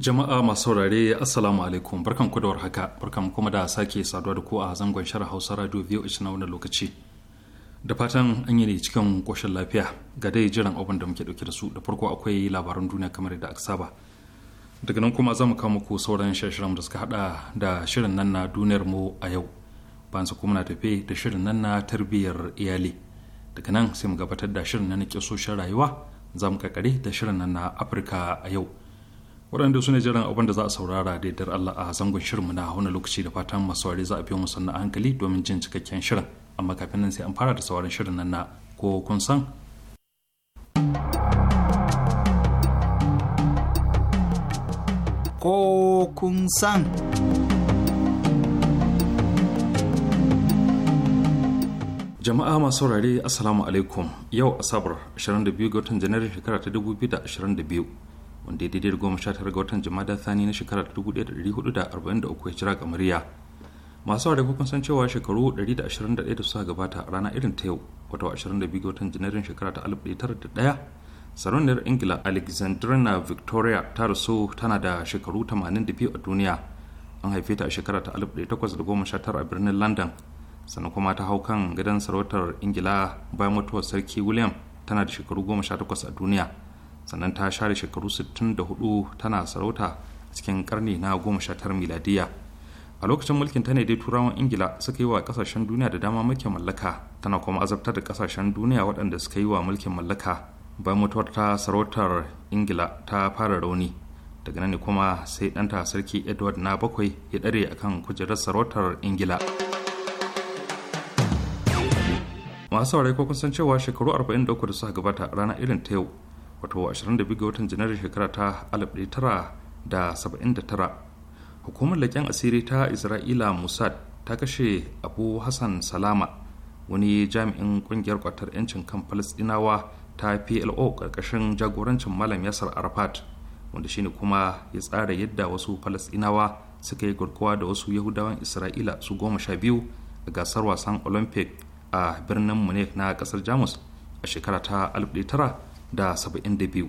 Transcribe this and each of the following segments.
Jama'a masu saurare Assalamu alaikum barkan ku da warhaka barkan kuma da sake saduwa da ku a zangon shirin Hausa Radio VOH na wannan lokaci. Da fatan an yi ne cikin koshin lafiya ga dai jiran abin da muke dauke da su da farko akwai labaran duniya kamar da aka saba. Daga nan kuma za mu kawo muku sauran shirin da suka hada da shirin nan na duniyar mu a yau. Bayan kuma na tafe da shirin nan na tarbiyyar iyali. Daga nan sai mu gabatar da shirin nan na rayuwa za mu kakare da shirin nan na Afirka a yau. waɗanda su ne jiran abin da za a saurara da yadda Allah a zangon shirinmu na wani lokaci da fatan masu ware za a biyo mu sannan hankali domin jin cikakken shirin amma kafin nan sai an fara da sauran shirin nan na ko kun san. Ko kun san. Jama'a masu saurare Assalamu alaikum yau Asabar 22 ga watan Janairu shekara ta 2022 wanda ya daidai da goma sha tara ga watan jama'a da na shekarar 1443 ga kamariya masu ware kun san cewa shekaru 121 da suka gabata a rana irin ta yau wata 22 ga watan janairun shekara ta 1901 sarauniyar ingila alexandrina victoria ta rasu tana da shekaru 82 a duniya an haife ta a shekara ta 1819 a birnin london sannan kuma ta hau kan gidan sarautar ingila bayan mutuwar sarki william tana da shekaru 18 a duniya sannan ta share shekaru 64 tana sarauta cikin karni na 19 miladiya a lokacin mulkin ta ne dai turawan ingila suka yi wa kasashen duniya da dama mulkin mallaka tana kuma azabtar da kasashen duniya waɗanda suka yi wa mulkin mallaka bayan mutuwar ta sarautar ingila ta fara rauni daga nan ne kuma sai ɗanta sarki edward na bakwai ya ɗare akan kujerar sarautar ingila masu saurai ko kun san cewa shekaru 43 da suka gabata rana irin ta yau wato 22 ga watan Janairu shekara ta 1979 hukumar leƙen asiri ta isra'ila mossad ta kashe abu hassan salama wani jami'in ƙungiyar kwatar 'yancin kan falasɗinawa ta plo ƙarƙashin jagorancin malam yasar arafat wanda shine kuma ya tsara yadda wasu falasɗinawa suka yi garkuwa da wasu yahudawan isra'ila su goma sha biyu a gasar wasan olympic a birnin munich na ƙasar jamus a shekara ta da saba'in da biyu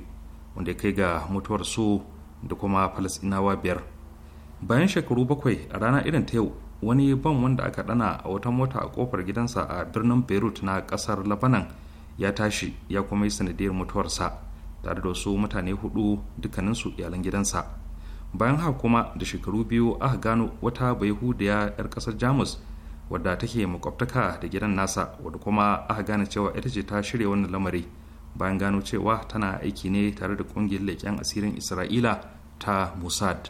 wanda ya kai ga mutuwar su da kuma falasinawa biyar bayan shekaru bakwai a rana irin ta yau wani ban wanda aka dana a wata mota a kofar gidansa a birnin beirut na kasar labanan ya tashi ya kuma yi sanadiyar mutuwarsa tare da wasu mutane hudu dukkaninsu iyalan gidansa bayan haka kuma da shekaru biyu aka gano wata bayahudiya 'yar kasar jamus wadda take makwabtaka da gidan nasa wadda kuma aka gane cewa ita ce ta shirya wannan lamari bayan gano cewa tana aiki ne tare da ƙungiyar leƙen asirin isra'ila ta mossad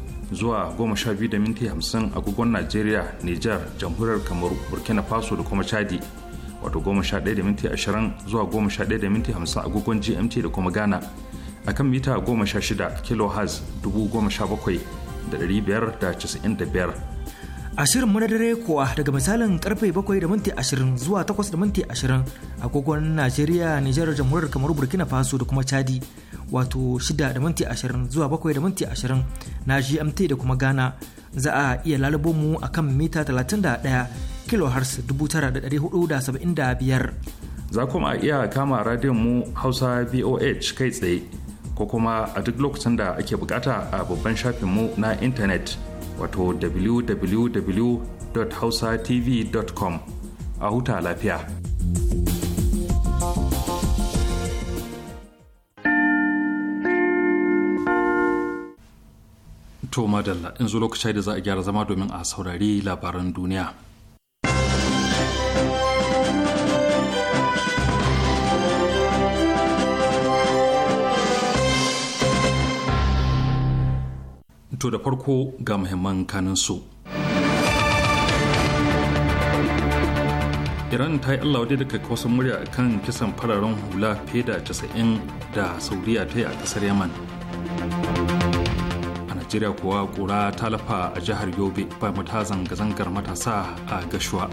zuwa biyu da minti 50 agogon Najeriya, Nijar, Jamhuriyar Kamaru, Burkina Faso da kuma Chadi. Wato ɗaya da minti ashirin zuwa ɗaya da minti 50 agogon GMT da kuma Ghana. A kan mita 16 kHz 17,595. A shirin na dare kuwa daga misalin karfe 7 da minti ashirin zuwa 8 da minti 20 agogon Najeriya, Nijar, Jamhuriyar Kamaru, Burkina Faso da kuma Chadi. wato 6 da minti 20 zuwa 7 da minti 20 na GMT da kuma Ghana za a iya lalubo mu a kan mita 31 kHz 9475. Za kuma a iya kama radiyon mu Hausa VOH kai tsaye ko kuma a duk lokacin da ake bukata a babban shafinmu na intanet wato www.hausatv.com a huta lafiya. To madalla zo lokaci da za a gyara zama domin a saurari labaran duniya. To da farko ga muhimman kanin su. Iran ta yi Allah wadai daga kawasan murya kan kisan fararen hula fiye da 90 da Saudiya ta yi a ƙasar Yaman. najeriya kuwa kura talafa a jihar yobe ba mata zanga-zangar matasa a gashuwa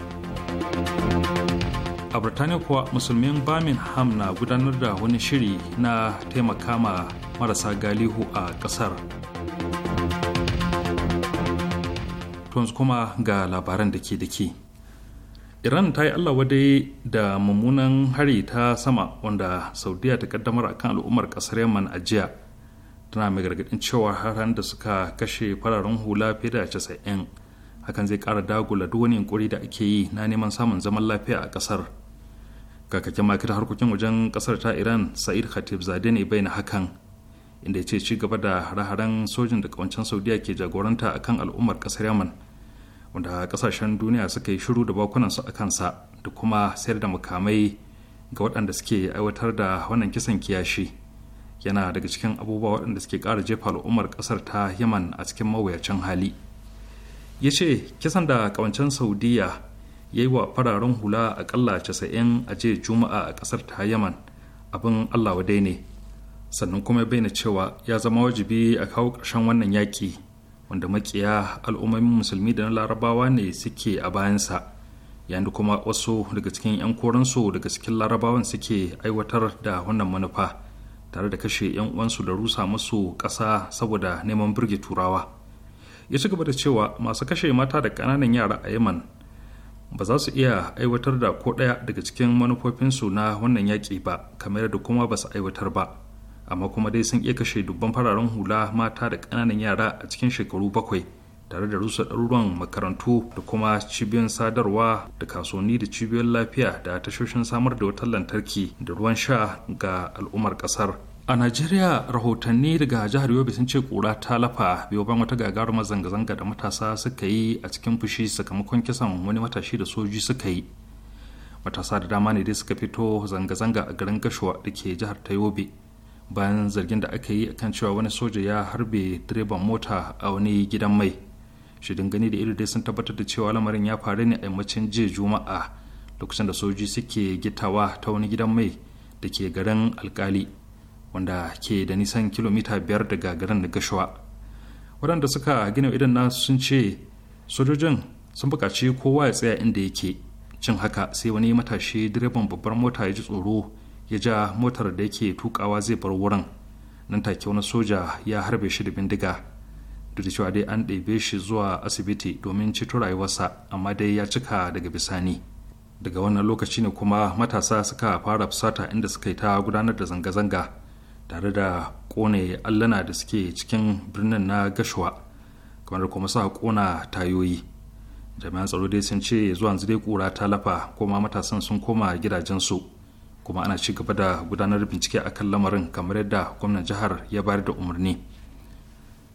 a birtaniya kuwa musulmin birmingham na gudanar da wani shiri na taimaka ma marasa galihu a kasar tons kuma ga labaran da ke da ke iran ta yi allah wadai da mummunan hari ta sama wanda saudiya ta kaddamar akan al'ummar ƙasar yaman a jiya tana mai gargadin cewa haran da suka kashe fararen hula fiye da casa'in hakan zai kara dagula duk wani yunkuri da ake yi na neman samun zaman lafiya a kasar kakakin makita harkokin wajen kasar ta iran sa'id khatib zade ne bai na hakan inda ya ce ci gaba da hare sojin da kawancin saudiya ke jagoranta akan al'ummar kasar yaman wanda kasashen duniya suka yi shiru da bakunansu a kansa da kuma sayar da mukamai ga waɗanda suke aiwatar da wannan kisan kiyashi yana daga cikin abubuwa waɗanda suke ƙara jefa al'ummar ƙasar ta yaman a cikin mawuyacin hali ya ce kisan da ƙawancen saudiya ya yi wa fararen hula aƙalla casa'in a jiya juma'a a ƙasar ta yaman abin allah wadai ne sannan kuma ya bayyana cewa ya zama wajibi a kawo ƙarshen wannan yaƙi wanda makiya al'ummomin musulmi da na larabawa ne suke a bayansa yayin kuma wasu daga cikin 'yan koransu daga cikin larabawan suke aiwatar da wannan manufa tare da kashe 'yan uwansu da rusa musu ƙasa saboda neman burge turawa ya ci gaba da cewa masu kashe mata da ƙananan yara a yaman ba za su iya aiwatar da ko ɗaya daga cikin manufofinsu na wannan yaƙi ba kamar da kuma ba su aiwatar ba amma kuma dai sun iya kashe dubban fararen hula mata da ƙananan yara a cikin shekaru bakwai tare da rusa ɗaruruwan makarantu da kuma cibiyoyin sadarwa da kasuwanni da cibiyoyin lafiya da tashoshin samar da wutar lantarki da ruwan sha ga al'ummar ƙasar a najeriya rahotanni daga jihar yobe sun ce kura ta lafa biyo bayan wata gagarumar zanga-zanga da matasa suka yi a cikin fushi sakamakon kisan wani matashi da soji suka yi matasa da dama ne dai suka fito zanga-zanga a garin gashuwa da ke jihar ta yobe bayan zargin da aka yi akan cewa wani soja ya harbe direban mota a wani gidan mai shirin gani da iri dai sun tabbatar da cewa lamarin ya faru ne a yammacin jiya juma'a lokacin da soji suke gitawa ta wani gidan mai da ke garin alkali wanda ke da nisan kilomita biyar daga garin da gashuwa waɗanda suka gina idan na sun ce sojojin sun buƙaci kowa ya tsaya inda yake cin haka sai wani matashi direban babbar mota ya ji tsoro ya ja motar da yake tukawa zai bar wurin nan take wani soja ya harbe shi da bindiga duk da cewa dai an ɗebe shi zuwa asibiti domin ceto rayuwarsa amma dai ya cika daga bisani daga wannan lokaci ne kuma matasa suka fara fusata inda suka yi ta gudanar da zanga-zanga tare da kone allana da suke cikin birnin na gashuwa kamar kuma sa kona tayoyi jami'an tsaro dai sun ce zuwa yanzu dai kura ta lafa kuma matasan sun koma gidajensu kuma ana ci gaba da gudanar bincike akan lamarin kamar yadda gwamnan jihar ya bayar da umarni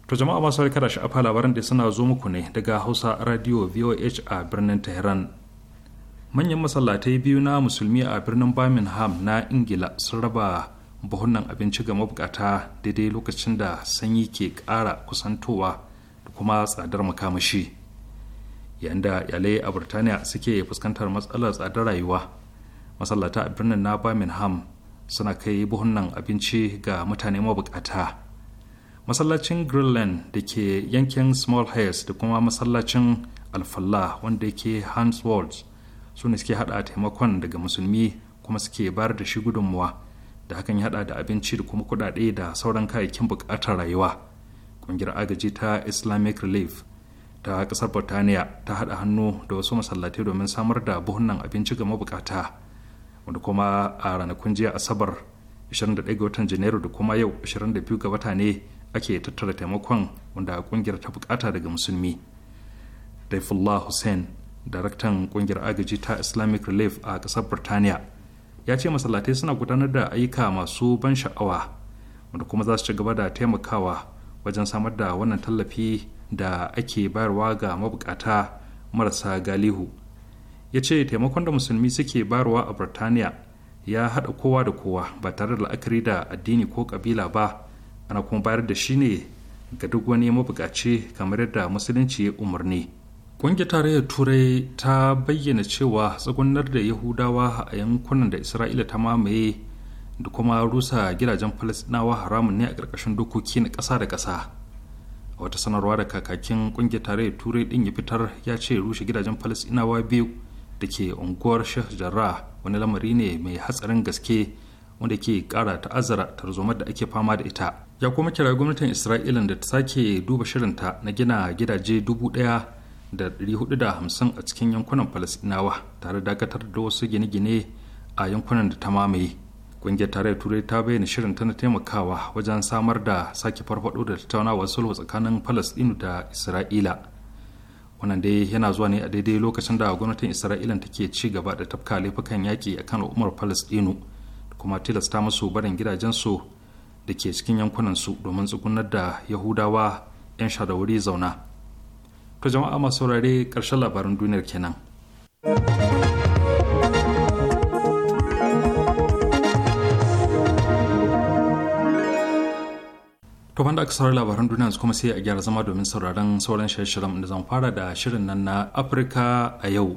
To jama'a masu kada sha'afa labaran da suna zo muku ne daga Hausa Radio VOH a birnin Tehran. Manyan masallatai biyu na musulmi a birnin Birmingham na Ingila sun raba buhunan abinci ga mabukata daidai lokacin da sanyi ke ƙara kusantowa da kuma tsadar makamashi. Yayin da iyalai a Burtaniya suke fuskantar matsalar tsadar rayuwa, masallata a birnin na Birmingham suna kai buhunan abinci ga mutane mabukata. masallacin greenland da ke yankin small hills da kuma masallacin alfallah wanda yake hans walls su ne suke hada taimakon daga musulmi kuma suke bayar da shi gudunmuwa da hakan ya hada da abinci da kuma kudade da sauran kayayyakin bukatar rayuwa ƙungiyar agaji ta islamic relief ta ƙasar burtaniya ta haɗa hannu da wasu masallatai domin samar da buhunan abinci ga mabukata wanda kuma a ranakun jiya asabar 21 ga watan janairu da kuma yau 22 ga wata ne ake tattara taimakon wanda kungiyar ta bukata daga musulmi daifullah hussein daraktan kungiyar agaji ta islamic relief a kasar birtaniya ya ce masallatai suna gudanar da ayyuka masu ban sha'awa wanda kuma za su ci gaba da taimakawa wajen samar da wannan tallafi da ake bayarwa ga mabukata marasa galihu ya ce taimakon da musulmi suke bayarwa a birtaniya ya haɗa kowa da kowa ba tare da la'akari da addini ko ƙabila ba ana kuma bayar da shi ne ga duk wani mabukaci kamar yadda musulunci ya umarni ƙungiyar tarayyar turai ta bayyana cewa tsagunar da yahudawa a yankunan da isra'ila ta mamaye da kuma rusa gidajen falasinawa haramun ne a ƙarƙashin dokoki na ƙasa da ƙasa a wata sanarwa da kakakin ƙungiyar tarayyar turai ɗin ya fitar ya ce rushe gidajen falasinawa biyu da ke unguwar shah jarrah wani lamari ne mai hatsarin gaske wanda ke ƙara ta'azzara tarzoma da ake fama da ita ya kuma kira gwamnatin isra'ila da ta sake duba shirinta na gina gidaje 1,450 a cikin yankunan falasinawa tare dakatar da wasu gine-gine a yankunan da ta mamaye ƙungiyar tarayyar turai ta bayyana shirin ta na taimakawa wajen samar da sake farfado da tattaunawar sulhu tsakanin falasɗinu da isra'ila wannan dai yana zuwa ne a daidai lokacin da gwamnatin isra'ila take ci gaba da tafka laifukan yaƙi akan al'ummar falasinu kuma tilasta musu barin gidajensu da ke cikin yankunan su domin tsugunar da yahudawa 'yan shadawari zauna to jama'a masu saurare ƙarshen labarin duniyar kenan to banda aka saurari labaran duniya su kuma sai a gyara zama domin sauraron sauran shirye-shiryen da zan fara da shirin nan na afirka a yau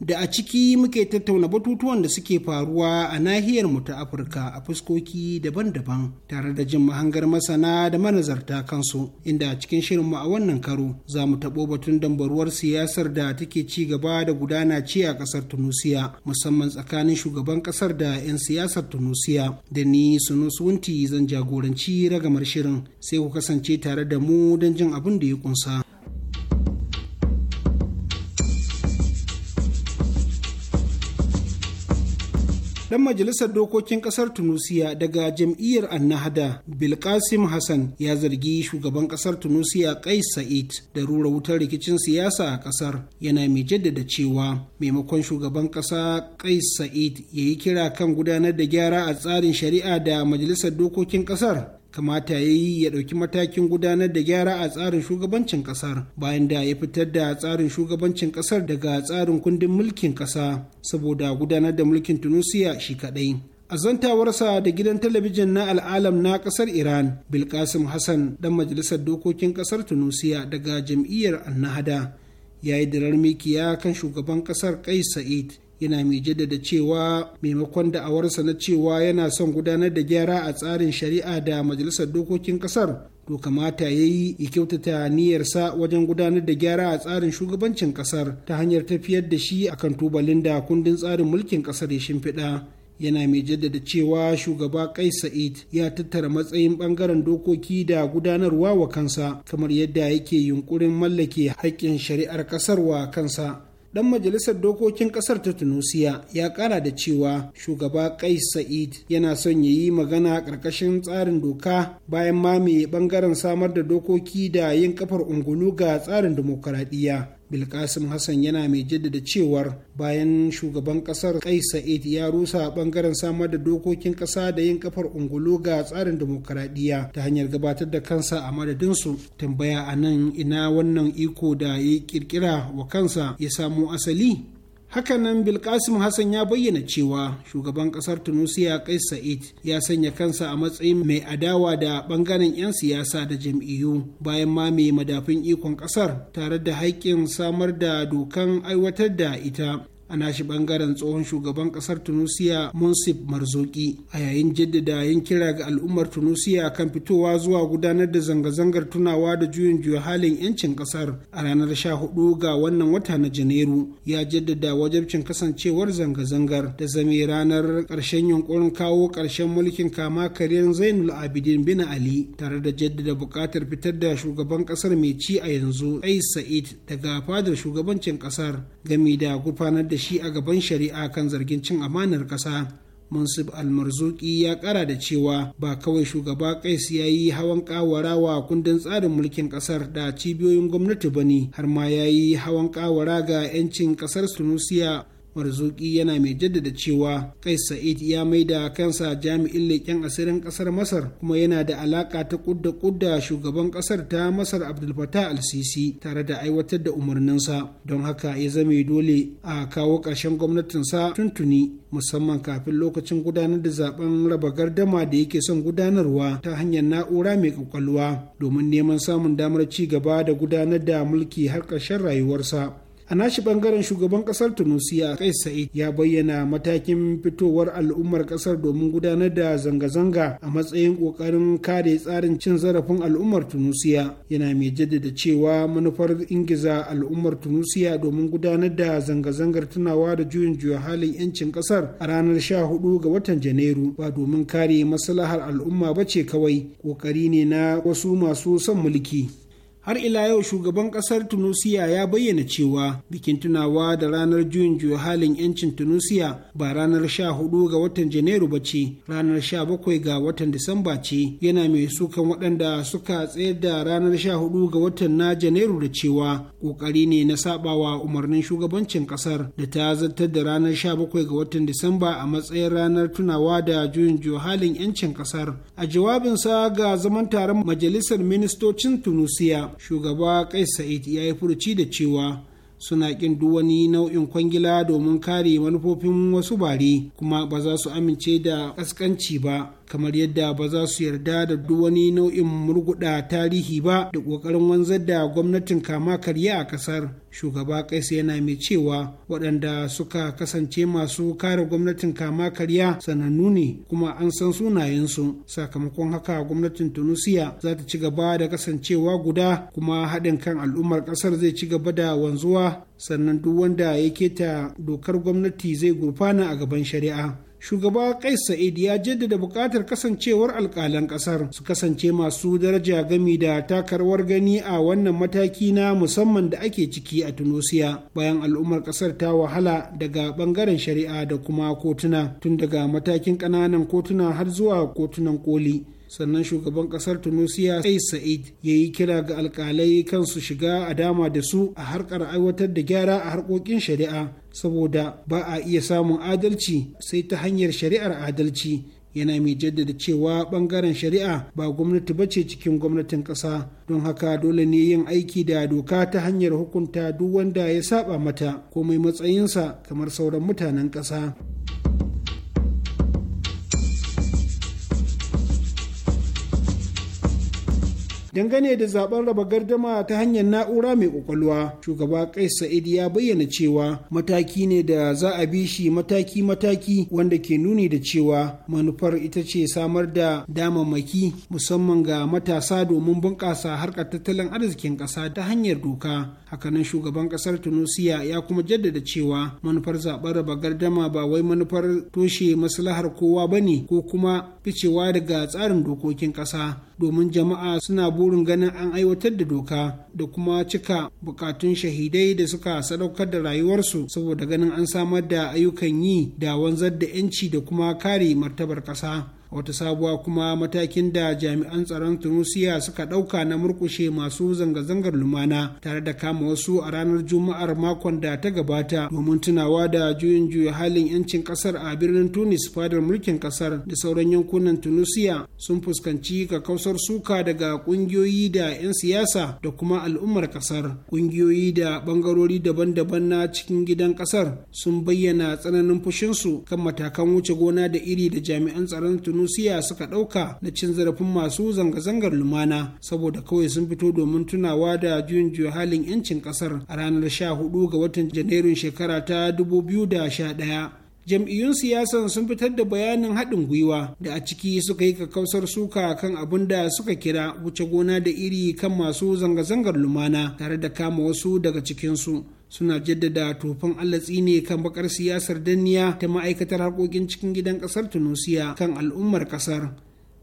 da a ciki muke tattauna batutuwan da suke faruwa a nahiyar mu ta Afirka a fuskoki daban-daban tare da jin mahangar masana da manazarta kansu inda a cikin shirinmu a wannan karo za mu taɓo batun dambaruwar siyasar da take ci gaba da gudana ce a ƙasar Tunusiya musamman tsakanin shugaban ƙasar da 'yan siyasar Tunusiya da ni Sunusunti zan jagoranci ragamar shirin sai ku kasance tare da mu don jin abin da ya kunsa. dan majalisar dokokin kasar tunusiya daga jam'iyyar annahada bilkasim hassan ya zargi shugaban kasar tunusiya kais sa'id da rura wutar rikicin siyasa a kasar yana mai jaddada cewa maimakon shugaban kasa kais sa'id ya yi kira kan gudanar da gyara a tsarin shari'a da majalisar dokokin kasar kamata ya yi ya ɗauki matakin gudanar da gyara a tsarin shugabancin ƙasar bayan da ya fitar da tsarin shugabancin ƙasar daga tsarin kundin mulkin ƙasa saboda gudanar da mulkin tunusiya shi kaɗai azantawarsa da gidan talabijin na al'alam na ƙasar iran bilkasim hassan ɗan majalisar dokokin ƙasar tunisiya daga jam'iyyar annahada ya yi dirar mikiya kan shugaban ƙasar kais sa'id yana mai jaddada cewa maimakon da'awarsa na cewa yana son gudanar da gyara a tsarin shari'a da majalisar dokokin kasar to kamata ya yi ya kyautata niyyarsa wajen gudanar da gyara a tsarin shugabancin kasar ta hanyar tafiyar da shi a kan tubalin da kundin tsarin mulkin kasar ya shimfiɗa yana mai jaddada cewa shugaba kai sa'id ya tattara matsayin bangaren dokoki da gudanarwa wa kansa kamar yadda yake yunkurin mallake haƙƙin shari'ar ƙasar wa kansa dan majalisar dokokin kasar ta tunusiya ya kara da cewa shugaba kais sa'id yana son ya yi magana karkashin tsarin doka bayan mamaye bangaren samar da dokoki da yin kafar ungulu ga tsarin dimokuraɗiyya bilkasim hassan yana mai jaddada cewar bayan shugaban kasar kai sa'id ya rusa bangaren samar da dokokin kasa da yin kafar ungulu ga tsarin demokaradiyya ta hanyar gabatar da kansa a madadinsu tambaya a nan ina wannan iko da ya kirkira wa kansa ya samo asali hakanan bilkasim hassan ya bayyana cewa shugaban kasar tunisia kais sa'id ya sanya kansa a matsayin mai adawa da bangaren 'yan siyasa da jam'iyyu bayan mame madafin ikon kasar tare da haƙƙin samar da dokan aiwatar da ita a nashi bangaren tsohon shugaban kasar tunisia munsif marzoki a yayin jaddada yin kira ga al'ummar tunisia kan fitowa zuwa gudanar da zanga-zangar tunawa da juyin juya halin yancin kasar a ranar 14 ga wannan wata na janairu ya jaddada wajabcin kasancewar zanga-zangar da zame ranar karshen yunkurin kawo karshen mulkin kama karyar zainul abidin bin ali tare da jaddada buƙatar fitar da shugaban kasar mai ci a yanzu ais sa'id daga fadar shugabancin kasar game da gufanar da shi a gaban shari'a kan zargin cin amanar ƙasa mansub almarzuki ya kara da cewa ba kawai shugaba kais ya yi hawan kawara wa kundin tsarin mulkin ƙasar da cibiyoyin gwamnati ba ne har ma ya yi hawan ƙawara ga 'yancin ƙasar tunusiya marzuki yana mai jaddada cewa kais sa'id ya mai da kansa jami'in leƙen asirin ƙasar masar kuma yana da alaƙa ta kudda kudda shugaban ƙasar ta masar abdul fatah al-sisi tare da aiwatar da umarninsa don haka ya zame dole a kawo ƙarshen gwamnatinsa tuntuni musamman kafin lokacin gudanar da zaben raba gardama da yake son gudanarwa ta hanyar na'ura mai kwakwalwa domin neman samun damar ci gaba da gudanar da mulki har ƙarshen rayuwarsa a nashi bangaren shugaban kasar tunisia kai sa'id ya bayyana matakin fitowar al'ummar kasar domin gudanar da zanga-zanga a matsayin kokarin kare tsarin cin zarafin al'ummar tunisia yana mai jaddada cewa manufar ingiza al'ummar tunisia domin gudanar da zanga-zangar tunawa da juyin juya halin yancin kasar a ranar 14 ga watan janairu ba domin kare maslahar al'umma ba ce kawai kokari ne na wasu masu son mulki har ila yau shugaban kasar tunisia ya bayyana cewa bikin tunawa da ranar juyin juya halin yancin tunisia ba ranar 14 ga watan janairu ba ce ranar 17 ga watan disamba ce yana mai sukan waɗanda suka tsayar da ranar 14 ga watan na janairu da cewa ƙoƙari ne na sabawa umarnin shugabancin kasar da ta zartar da ranar 17 ga watan disamba a matsayin ranar tunawa da juyin juya halin yancin kasar a jawabinsa ga zaman taron majalisar ministocin tunisia shugaba kais sa'id ya yi furuci da cewa suna ƙin duk wani nau'in kwangila domin kare manufofin wasu bare kuma ba za su amince da ƙasƙanci ba kamar yadda ba za su yarda da duk wani nau'in murguɗa tarihi ba da ƙoƙarin wanzar da gwamnatin kama karya a ƙasar shugaba kaisa yana mai cewa waɗanda suka kasance masu kare gwamnatin kama karya sanannu ne kuma an san sunayensu sakamakon haka gwamnatin tunisia za ta ci gaba da kasancewa guda kuma haɗin kan al'ummar ƙasar zai ci gaba da wanzuwa sannan duk wanda ya keta dokar gwamnati zai gurfana a gaban shari'a shugaba kais sa'id ya jaddada buƙatar kasancewar alkalan ƙasar su kasance masu daraja gami da takarwar gani a wannan mataki na musamman da ake ciki a tunisia bayan al'ummar ƙasar ta wahala daga ɓangaren shari'a da kuma kotuna tun daga matakin ƙananan kotuna har zuwa kotunan koli sannan shugaban kasar tunisia sai sa'id ya yi kira ga alkalai kan su shiga a dama da su a harkar aiwatar da gyara a harkokin shari'a saboda ba a iya samun adalci sai ta hanyar shari'ar adalci yana mai jaddada cewa bangaren shari'a ba gwamnati ba ce cikin gwamnatin ƙasa don haka dole ne yin aiki da doka ta hanyar hukunta duk wanda ya saba mata komai matsayinsa kamar sauran mutanen ƙasa. dangane da zaben raba gardama ta hanyar na'ura mai kwakwalwa shugaba kai sa'id ya bayyana cewa mataki ne da za a bi shi mataki-mataki wanda ke nuni da cewa manufar ita ce samar da damammaki musamman ga matasa domin bunƙasa harkar tattalin arzikin ƙasa ta hanyar doka hakanan shugaban ƙasar tunisia ya kuma jaddada cewa manufar zaben raba gardama ba wai manufar toshe maslahar kowa ba ne ko kuma ficewa daga tsarin dokokin ƙasa domin jama'a suna burin ganin an aiwatar da doka da kuma cika bukatun shahidai da suka sadaukar da rayuwarsu saboda ganin an samar da ayyukan yi da wanzar da 'yanci da kuma kare martabar ƙasa wata sabuwa kuma matakin da jami'an tsaron tunisia suka ɗauka na murkushe masu zanga-zangar lumana tare da kama wasu a ranar juma'ar makon da ta gabata domin tunawa da juyin juya halin yancin kasar a birnin tunis fadar mulkin kasar da sauran yankunan tunisia sun fuskanci kakausar suka daga ƙungiyoyi da 'yan siyasa da kuma al'ummar kasar ƙungiyoyi da ɓangarori daban-daban na cikin gidan kasar sun bayyana tsananin fushinsu kan matakan wuce gona da iri da jami'an tsaron tunisia tunisiya suka ɗauka na cin zarafin masu zanga-zangar lumana saboda kawai sun fito domin tunawa da juyin juya halin 'yancin ƙasar a ranar 14 ga watan janairun shekara ta 2011 jam'iyyun siyasan sun fitar da bayanin haɗin gwiwa da a ciki suka yi kakkausar suka kan abin da suka kira wuce gona da iri kan masu zanga-zangar lumana tare da kama wasu daga cikinsu suna jaddada tofan Allah ne kan bakar siyasar danniya ta ma'aikatar harkokin cikin gidan kasar tunusiya kan al'ummar kasar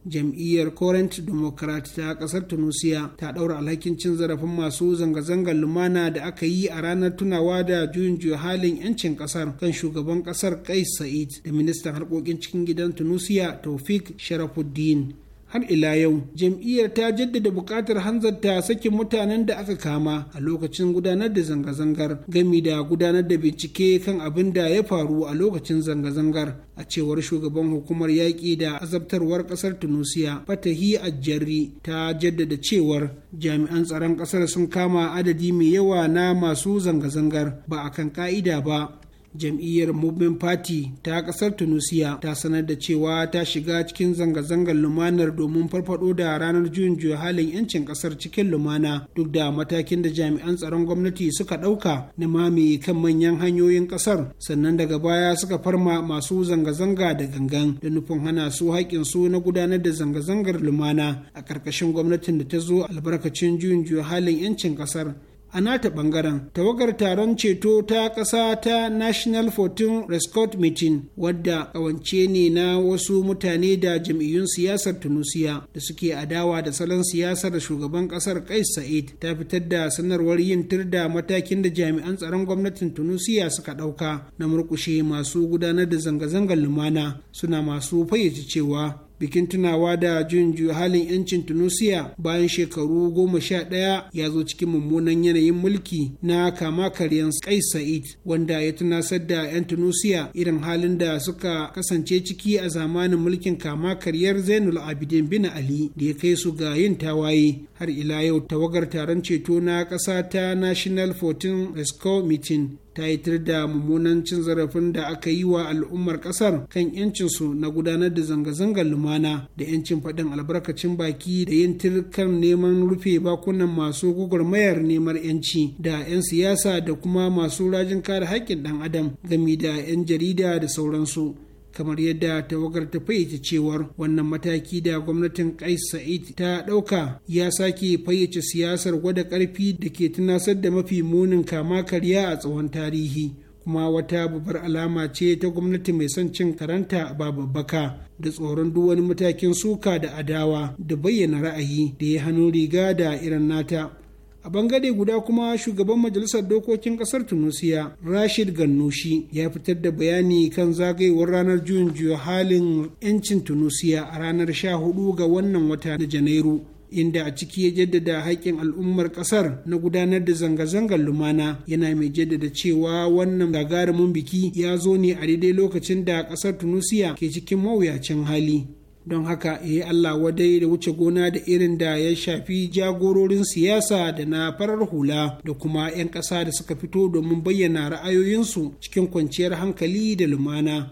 jam'iyyar current democrat ta kasar tunusiya ta daura alhakin cin zarafin masu zanga-zangar lumana da aka yi a ranar tunawa da juyin juya halin yancin kasar kan shugaban kasar kais sa'id da ministan harkokin cikin gidan tunusiya taufik sharafuddin har ila yau jam'iyyar ta jaddada buƙatar hanzarta sakin mutanen da aka kama a lokacin gudanar da zanga-zangar gami da gudanar da bincike kan abin da ya faru a lokacin zanga-zangar a cewar shugaban hukumar yaƙi da azabtarwar ƙasar tunisia fatahi ajjari ta jaddada cewar jami'an tsaron ƙasar sun kama adadi mai yawa na masu zanga-zangar ba a kan ƙa'ida ba jam'iyyar Movement Party ta kasar Tunusiya ta sanar da cewa ta shiga cikin zanga-zangar lumanar domin farfado da ranar juyin juya halin 'yancin kasar cikin lumana duk da matakin da jami'an tsaron gwamnati suka ɗauka na mami kan manyan hanyoyin kasar sannan daga baya suka farma masu zanga-zanga da gangan da nufin hana su haƙƙin su na gudanar da zanga-zangar lumana a ƙarƙashin gwamnatin da ta zo albarkacin juyin juya halin 'yancin kasar. a nata bangaren tawagar taron ceto ta ƙasa ta national 14 rescott meeting wadda ƙawance ne na wasu mutane da jam'iyyun siyasar tunusiya da suke adawa da salon siyasar da shugaban ƙasar kais sa'id ta fitar da sanarwar yin tirda da matakin da jami'an tsaron gwamnatin tunusiya suka ɗauka na murkushe masu gudanar da zanga-zangar lumana suna masu fayyace cewa bikin tunawa da juyin halin yancin tunisia bayan shekaru goma sha ɗaya ya zo cikin mummunan yanayin mulki na kama karyan kai sa'id wanda ya tunasar da 'yan tunisia irin halin da suka kasance ciki a zamanin mulkin kama karyar zainul abidin bin ali da ya kai su ga yin tawaye har ila yau tawagar taron ceto na ƙasa ta national 14 rescue meeting ta yi da mummunan cin zarafin da aka yi wa al'ummar kasar kan yancinsu na gudanar da zanga-zangar lumana da yancin faɗin albarkacin baki da yin kan neman rufe bakunan masu gwagwarmayar neman yanci da 'yan siyasa da kuma masu rajin kare haƙƙin ɗan adam gami da 'yan jarida da sauransu kamar yadda tawagar ta fayyace cewar wannan mataki da gwamnatin kais sa'id ta ɗauka ya sake fayyace siyasar gwada ƙarfi da ke tunasar da mafi munin kama karya a tsawon tarihi kuma wata babbar alama ce ta gwamnati mai son cin karanta ba babbaka da tsoron duk wani matakin suka da adawa da bayyana ra'ayi da ya hannun riga da irin nata a bangare guda kuma shugaban majalisar dokokin kasar tunisia rashid gannushi ya fitar da bayani kan zagayewar ranar juyin juya halin 'yancin tunisia a ranar 14 ga wannan wata na janairu inda a ciki ya jaddada haƙƙin al'ummar ƙasar na gudanar da zanga-zangar lumana yana mai jaddada cewa wannan gagarumin biki ya zo ne a daidai lokacin da ƙasar tunisia ke cikin mawuyacin hali don haka ya eh, Allah wadai da wuce gona da irin da ya shafi jagororin siyasa da na farar hula da kuma 'yan ƙasa da suka fito domin bayyana ra'ayoyinsu cikin kwanciyar hankali da lumana.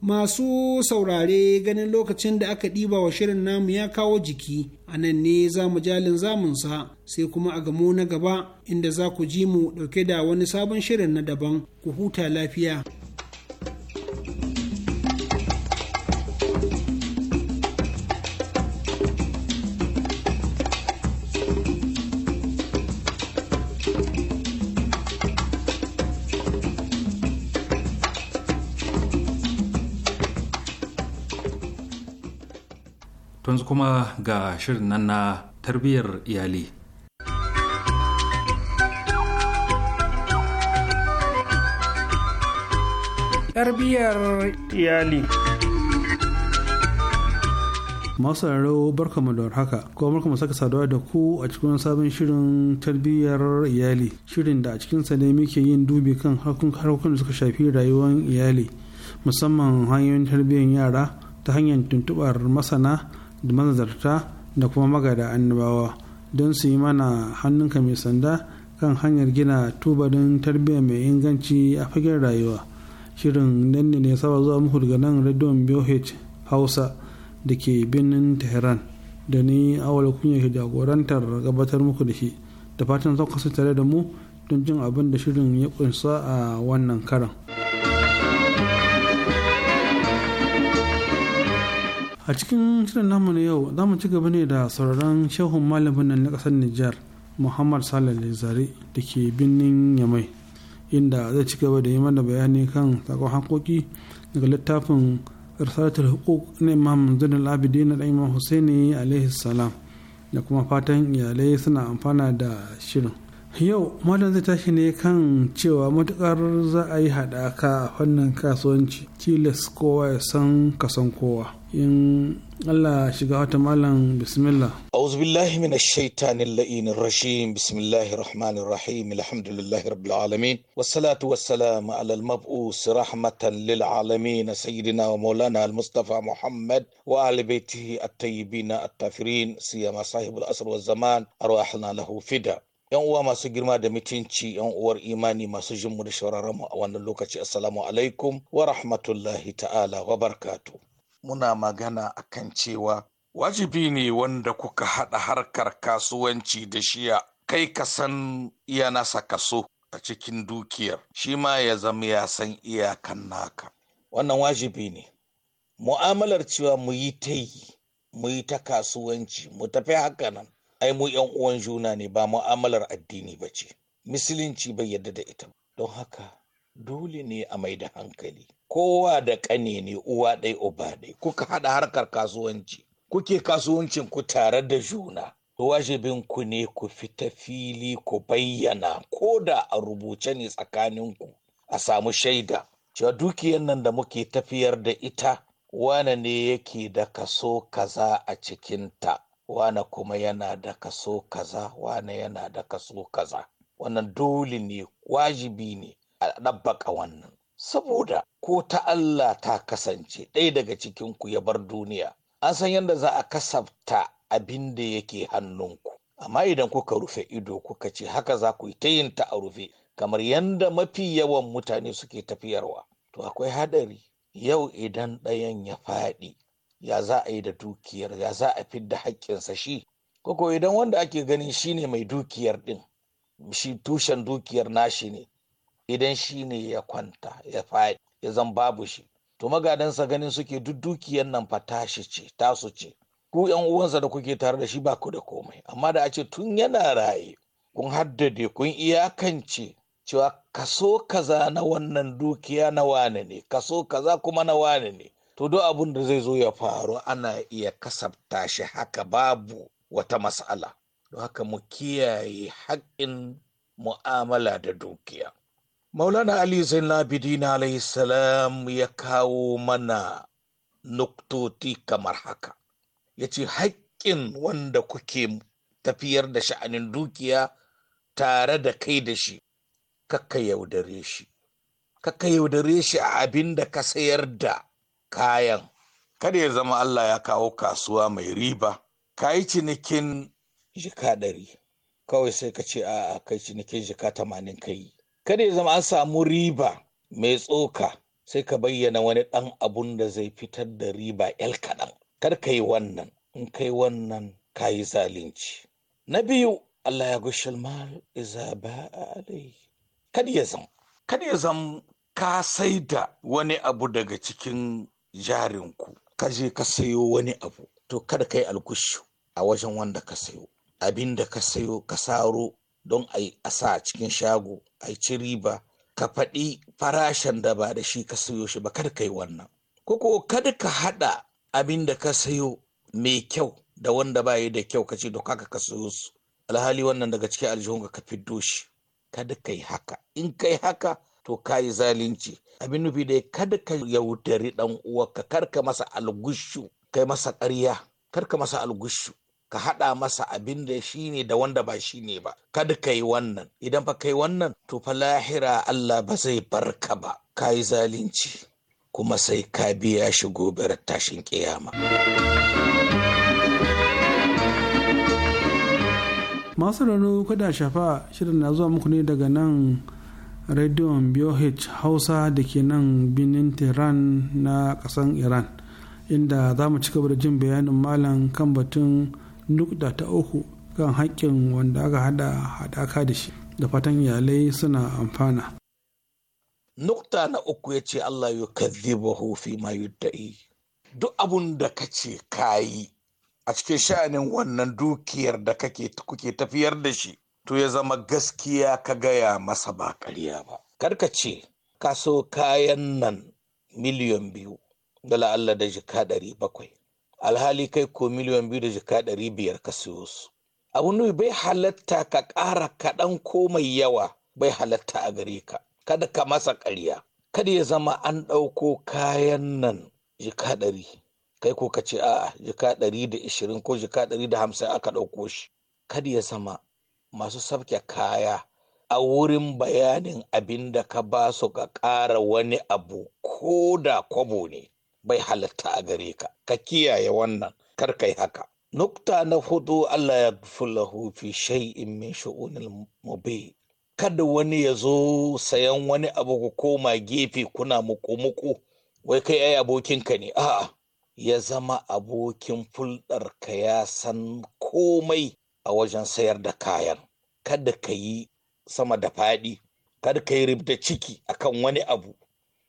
Masu saurare ganin lokacin da aka ɗiba wa shirin namu ya kawo jiki, a nan ne za mu jalin zamunsa. sai kuma a gamo na gaba inda za ku ji mu ɗauke da wani sabon shirin na daban ku huta lafiya. yanzu kuma ga shirin nan na tarbiyyar iyali tarbiyyar iyali. masu barka mu da haka kuma barka mu saka saduwa da ku a cikin sabon shirin tarbiyyar iyali shirin da a cikinsa ne muke yin dubi kan harkokin da suka shafi rayuwar iyali musamman hanyoyin tarbiyyar yara ta hanyar tuntubar masana da manzarta da kuma magada annabawa don su yi mana hannunka mai sanda kan hanyar gina tubalin tarbiyya mai inganci a fagen rayuwa shirin nan ne saba zuwa muku daga nan radion BOH Hausa da ke birnin Tehran da ni awal kunya ke jagorantar gabatar muku da shi da fatan za ku tare da mu don jin abin da shirin ya kunsa a wannan karan. a cikin shirin namu na yau za mu ci gaba ne da sauraron shehun malamin nan na kasar Nijar Muhammad Salih Zare da ke birnin Yamai. inda zai ci gaba da yi mana bayani kan sakon haƙoƙi daga littafin risalatul hukuk na imam zainul na imam husaini alaihi salam da kuma fatan iyalai suna amfana da shirin yau malam zai tashi ne kan cewa matukar za a yi haɗaka a wannan kasuwanci tilas kowa ya san kasan kowa in allah shiga wata malam bismillah auzu billahi min shaitanin la'inin rashim bismillahi rahmanin rahim alhamdulillahi rabbil alamin wassalatu wassalamu ala al-mab'us rahmatan lil na sayyidina wa maulana al-mustafa muhammad wa ali baitihi at-tayyibin at-tafirin siyama sahibul asr wa zaman arwahna lahu yan uwa masu girma da mutunci yan uwar imani masu jin mu da shawararren mu a wannan lokaci assalamu alaikum wa rahmatullahi ta'ala wa barkatu muna magana akan cewa wajibi ne wanda kuka haɗa harkar kasuwanci da shiya kai ka san iya nasa kaso a cikin dukiyar shi ma ya zama ya san iyakan naka wannan wajibi ne mu'amalar cewa mu yi ta yi mu yi ta kasuwanci mu tafi haka nan ai mu yan uwan juna ne ba mu'amalar addini ba ce musulunci bai yadda da ita don haka dole ne a mai da hankali kowa da kane ne uwa ɗai uba ɗai kuka haɗa harkar kasuwanci kuke kasuwancin ku tare da juna wajibin ku ne ku fita fili ku bayyana ko da a rubuce ne tsakaninku a samu shaida cewa dukiyar nan da muke tafiyar da ita wane ne yake da kaso kaza a cikinta wane kuma yana da kaso kaza wane yana da kaso kaza wannan dole ne wajibi ne a ɗabbaka wannan saboda ko ta Allah ta kasance ɗaya daga cikin ku ya bar duniya an san yadda za a kasafta abin da yake hannunku amma idan kuka rufe ido kuka ce haka za ku yi ta yin ta a rufe kamar yadda mafi yawan mutane suke tafiyarwa to akwai haɗari yau idan ɗayan ya faɗi ya za a yi da dukiyar ya za a fidda haƙƙinsa shi koko idan wanda ake ganin shi ne mai dukiyar ɗin shi tushen dukiyar nashi ne idan shi ne ya kwanta ya faɗi ya zan babu shi to magadansa ganin suke duk dukiyar nan fa tashi ce tasu ce ku yan uwansa da kuke tare da shi ba ku da komai amma da a ce tun yana raye kun haddade kun iyakance cewa kaso kaza na wannan dukiya na wane ne kaso kaza kuma na wane ne to duk abin da zai zo ya faru ana iya kasafta shi haka babu wata matsala don haka mu kiyaye haƙƙin mu'amala da dukiya maulana ali zainabidin alayhi salam ya kawo mana nuktoti kamar haka ya ce haƙƙin wanda kuke tafiyar da sha'anin dukiya tare da kai da shi kakka yaudare shi kakka yaudare shi a abin da ka sayar da kayan kada ya zama Allah ya kawo kasuwa mai riba ka yi cinikin jika ɗari kawai sai ka ce a'a kai cinikin jika tamanin ka yi kada ya zama an samu riba mai tsoka sai ka bayyana wani ɗan abun da zai fitar da riba yal kaɗan kar ka yi wannan in kai wannan ka yi zalunci na biyu Allah ya gushe mal iza ba kada ya zama kada ya zama ka sai da wani abu daga cikin jarinku ka je ka sayo wani abu to kada ka yi alkushu a wajen wanda ka sayo abin da ka sayo ka saro don a sa a cikin shago a ci riba ka faɗi farashin da ba da shi ka sayo shi ba kada ka yi wannan ko kada ka haɗa abin da ka sayo mai kyau da wanda ba da kyau ka ce doka ka sayo su alhali wannan daga cikin aljihun ka fiddo shi kada ka yi haka in ka yi haka to ka yi zalunci abin nufi dai kada ka yaudari dan uwa kar ka masa algushu kai masa ƙarya karka masa algushu ka haɗa masa abin da shi ne da wanda ba shi ne ba kada ka yi wannan idan fa ka yi wannan to fa lahira Allah ba zai bar ka ba ka yi zalunci kuma sai ka biya shi gobe tashin kiyama masu rano kada shafa shirin na zuwa muku ne daga nan rediyon BOH Hausa da ke nan binin Tehran na ƙasar Iran, inda za mu ci gaba da jin bayanin malam kan batun nukta ta uku kan haƙƙin wanda aka hada haɗaka da shi, da fatan iyalai suna amfana. Nukta na uku ya ce Allah yi kadhibahu hufi ma yudda'i. Duk abun da ka ce kayi a cikin sha'anin wannan dukiyar da kake kuke tafiyar da shi. to ya zama gaskiya ka gaya masa ba ƙarya ba karka ce ka so kayan nan miliyan biyu dala Allah da jika ɗari bakwai alhali kai ko miliyan biyu da jika ɗari biyar ka siyo su abu nui bai halatta ka ƙara kaɗan ko mai yawa bai halatta a gare ka kada ka masa ƙarya kada ya zama an ɗauko kayan nan jika ɗari kai ko ka ce a'a jika ɗari da ishirin ko jika ɗari da hamsin aka ɗauko shi kada ya zama masu sabke kaya a wurin bayanin abin da ka ba su ka ƙara wani abu ko da kwabo ne bai halatta a gare ka ka kiyaye wannan kar kai haka nukta na hudu Allah ya lahu fi shay'in min shu'unil mubi kada wani ya zo sayan wani abu ku koma gefe kuna muku-muku wai kai ai abokinka ne a'a ya zama abokin ka ya san komai a wajen sayar da kayan kada ka yi sama da faɗi kada ka yi ribda ciki akan wani abu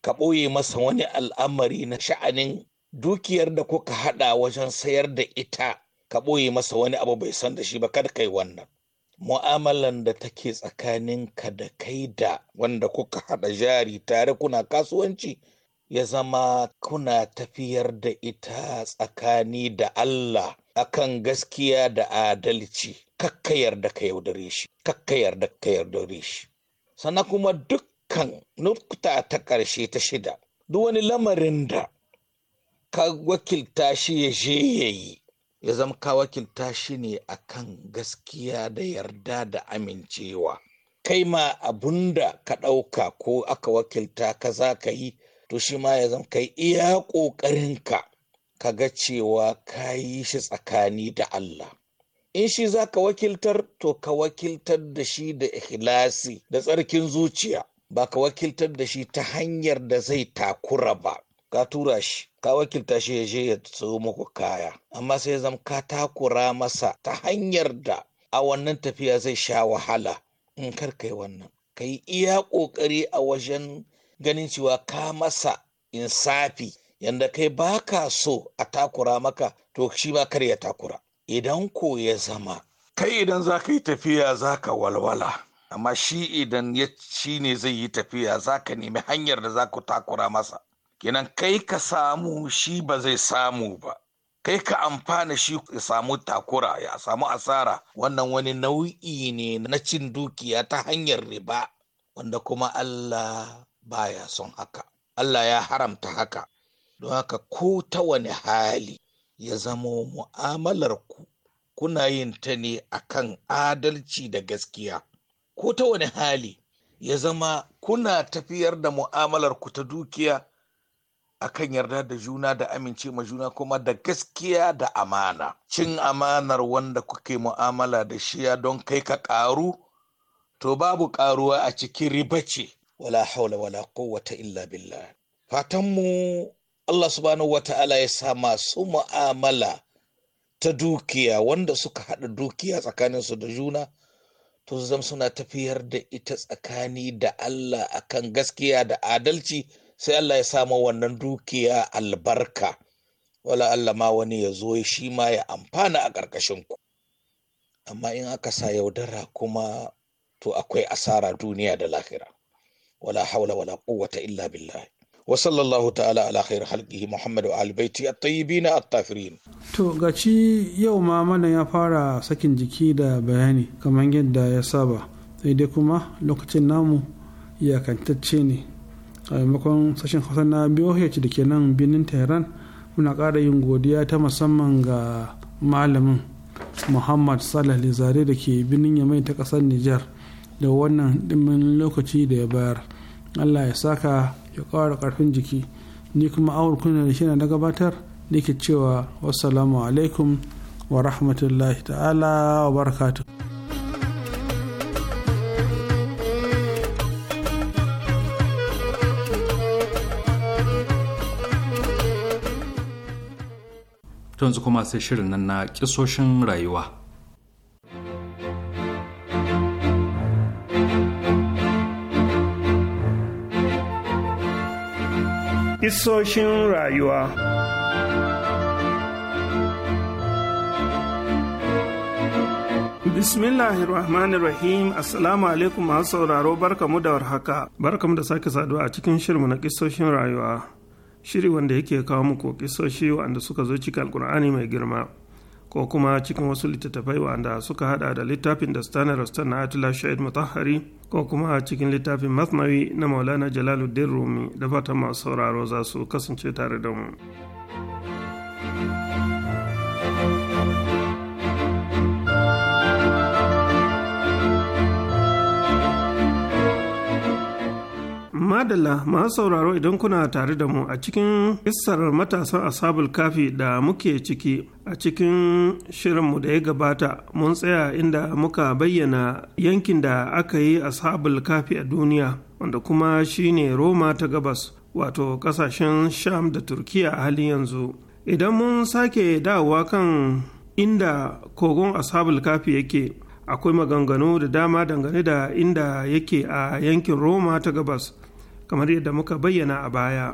ka ɓoye masa wani al'amari na sha'anin dukiyar da kuka haɗa wajen sayar da ita ka ɓoye masa wani abu bai san da shi ba kada ka yi wannan mu'amalan da take tsakanin ka da kai da wanda kuka haɗa jari tare kuna kasuwanci ya zama kuna tafiyar da ita tsakani da Allah akan gaskiya da adalci kakka yarda ka yaudare shi kakka yarda ka yaudare shi sannan kuma dukkan nukuta ta ƙarshe ta shida duk wani lamarin da ka wakilta shi ya je ya yi ya zama ka wakilta shi ne akan gaskiya da yarda da amincewa kai ma abun da ka ɗauka ko aka wakilta ka za ka yi to shi ma ya zama kai iya ƙoƙarinka ka ga cewa ka yi shi tsakani da Allah. In shi za ka wakiltar to ka wakiltar da shi da ikhlasi da tsarkin zuciya ba ka wakiltar da shi ta hanyar da zai takura ba. Ka tura shi, ka wakilta shi ya je ya tsawo muku kaya, amma sai zam ka takura masa ta hanyar da a wannan tafiya zai sha wahala. In kar kai wannan, ka yi iya ƙoƙari a wajen ganin cewa ka masa insafi yanda kai baka so a takura maka to shi ba kar ya takura idan ko ya zama kai idan za ka yi tafiya za ka walwala amma shi idan ya shi ne zai yi tafiya za ka nemi hanyar da za ku takura masa kenan kai ka samu shi ba zai samu ba kai ka amfana shi ya samu takura ya samu asara wannan wani nau'i ne na cin dukiya ta hanyar riba wanda kuma Allah baya son haka Allah ya haramta haka don haka ko ta wani hali ya zamo ku? kuna yin ta ne akan adalci da gaskiya ko ta wani hali ya zama kuna tafiyar da mu'amalar ku ta dukiya akan yarda da juna da amince ma juna kuma da gaskiya da amana cin amanar wanda kuke mu'amala da shiya don kai ka karu to babu karuwa a cikin riba ce wala haula wala quwwata illa billah fatanmu Allah subhanahu wata'ala ya sa masu mu'amala ta dukiya wanda suka haɗa dukiya tsakaninsu da juna to zama suna tafiyar da ita tsakani da Allah akan gaskiya da adalci sai Allah ya samu wannan dukiya albarka wala Allah ma wani ya zo shi ma ya amfana a ƙarƙashin ku amma in aka sa yaudara kuma to akwai asara duniya da lahira wala haula wala quwwata illa billahi wa sallallahu ta'ala ala khair muhammad wa ali baiti at tafirin to gaci yau ma mana ya fara sakin jiki da bayani kamar yadda ya saba sai dai kuma lokacin namu iyakantacce ne a maimakon sashen hausa na biyo da ke nan birnin tehran muna ƙara yin godiya ta musamman ga malamin muhammad salah lizare da ke birnin yamai ta ƙasar nijar da wannan dimin lokaci da ya bayar allah ya saka ya ƙara ƙarfin jiki ni kuma awar kuna da shine na gabatar nake cewa wassalamu alaikum wa rahmatullahi ta'ala wa barakatuh yanzu kuma sai shirin nan na kisoshin rayuwa hissoshin rayuwa Bismillahirrahmanirrahim Assalamu alaikum masu sauraro barkamu da warhaka barkamu da sake saduwa a cikin shirmu na kisoshin rayuwa shiri wanda yake kawo muku kisoshi wanda suka zo cikin alkur'ani mai girma ko kuma cikin wasu littattafai wanda suka hada da littafin da stanar rastan na atila shahid mutahari ko kuma cikin littafin masnawi na maulana jalaluddin rumi da fatan masu sauraro za su kasance tare da mu. Madalla ma sauraro idan kuna tare da mu a cikin kissar matasan asabul kafi da muke ciki a cikin shirin mu da ya gabata mun tsaya inda muka bayyana yankin da aka yi asabul kafi a duniya wanda kuma shine Roma ta gabas wato kasashen Sham da Turkiya a halin yanzu. Idan mun sake dawowa kan inda kogon asabul kafi yake. akwai maganganu da dama dangane da inda yake a yankin roma ta gabas kamar yadda muka bayyana a baya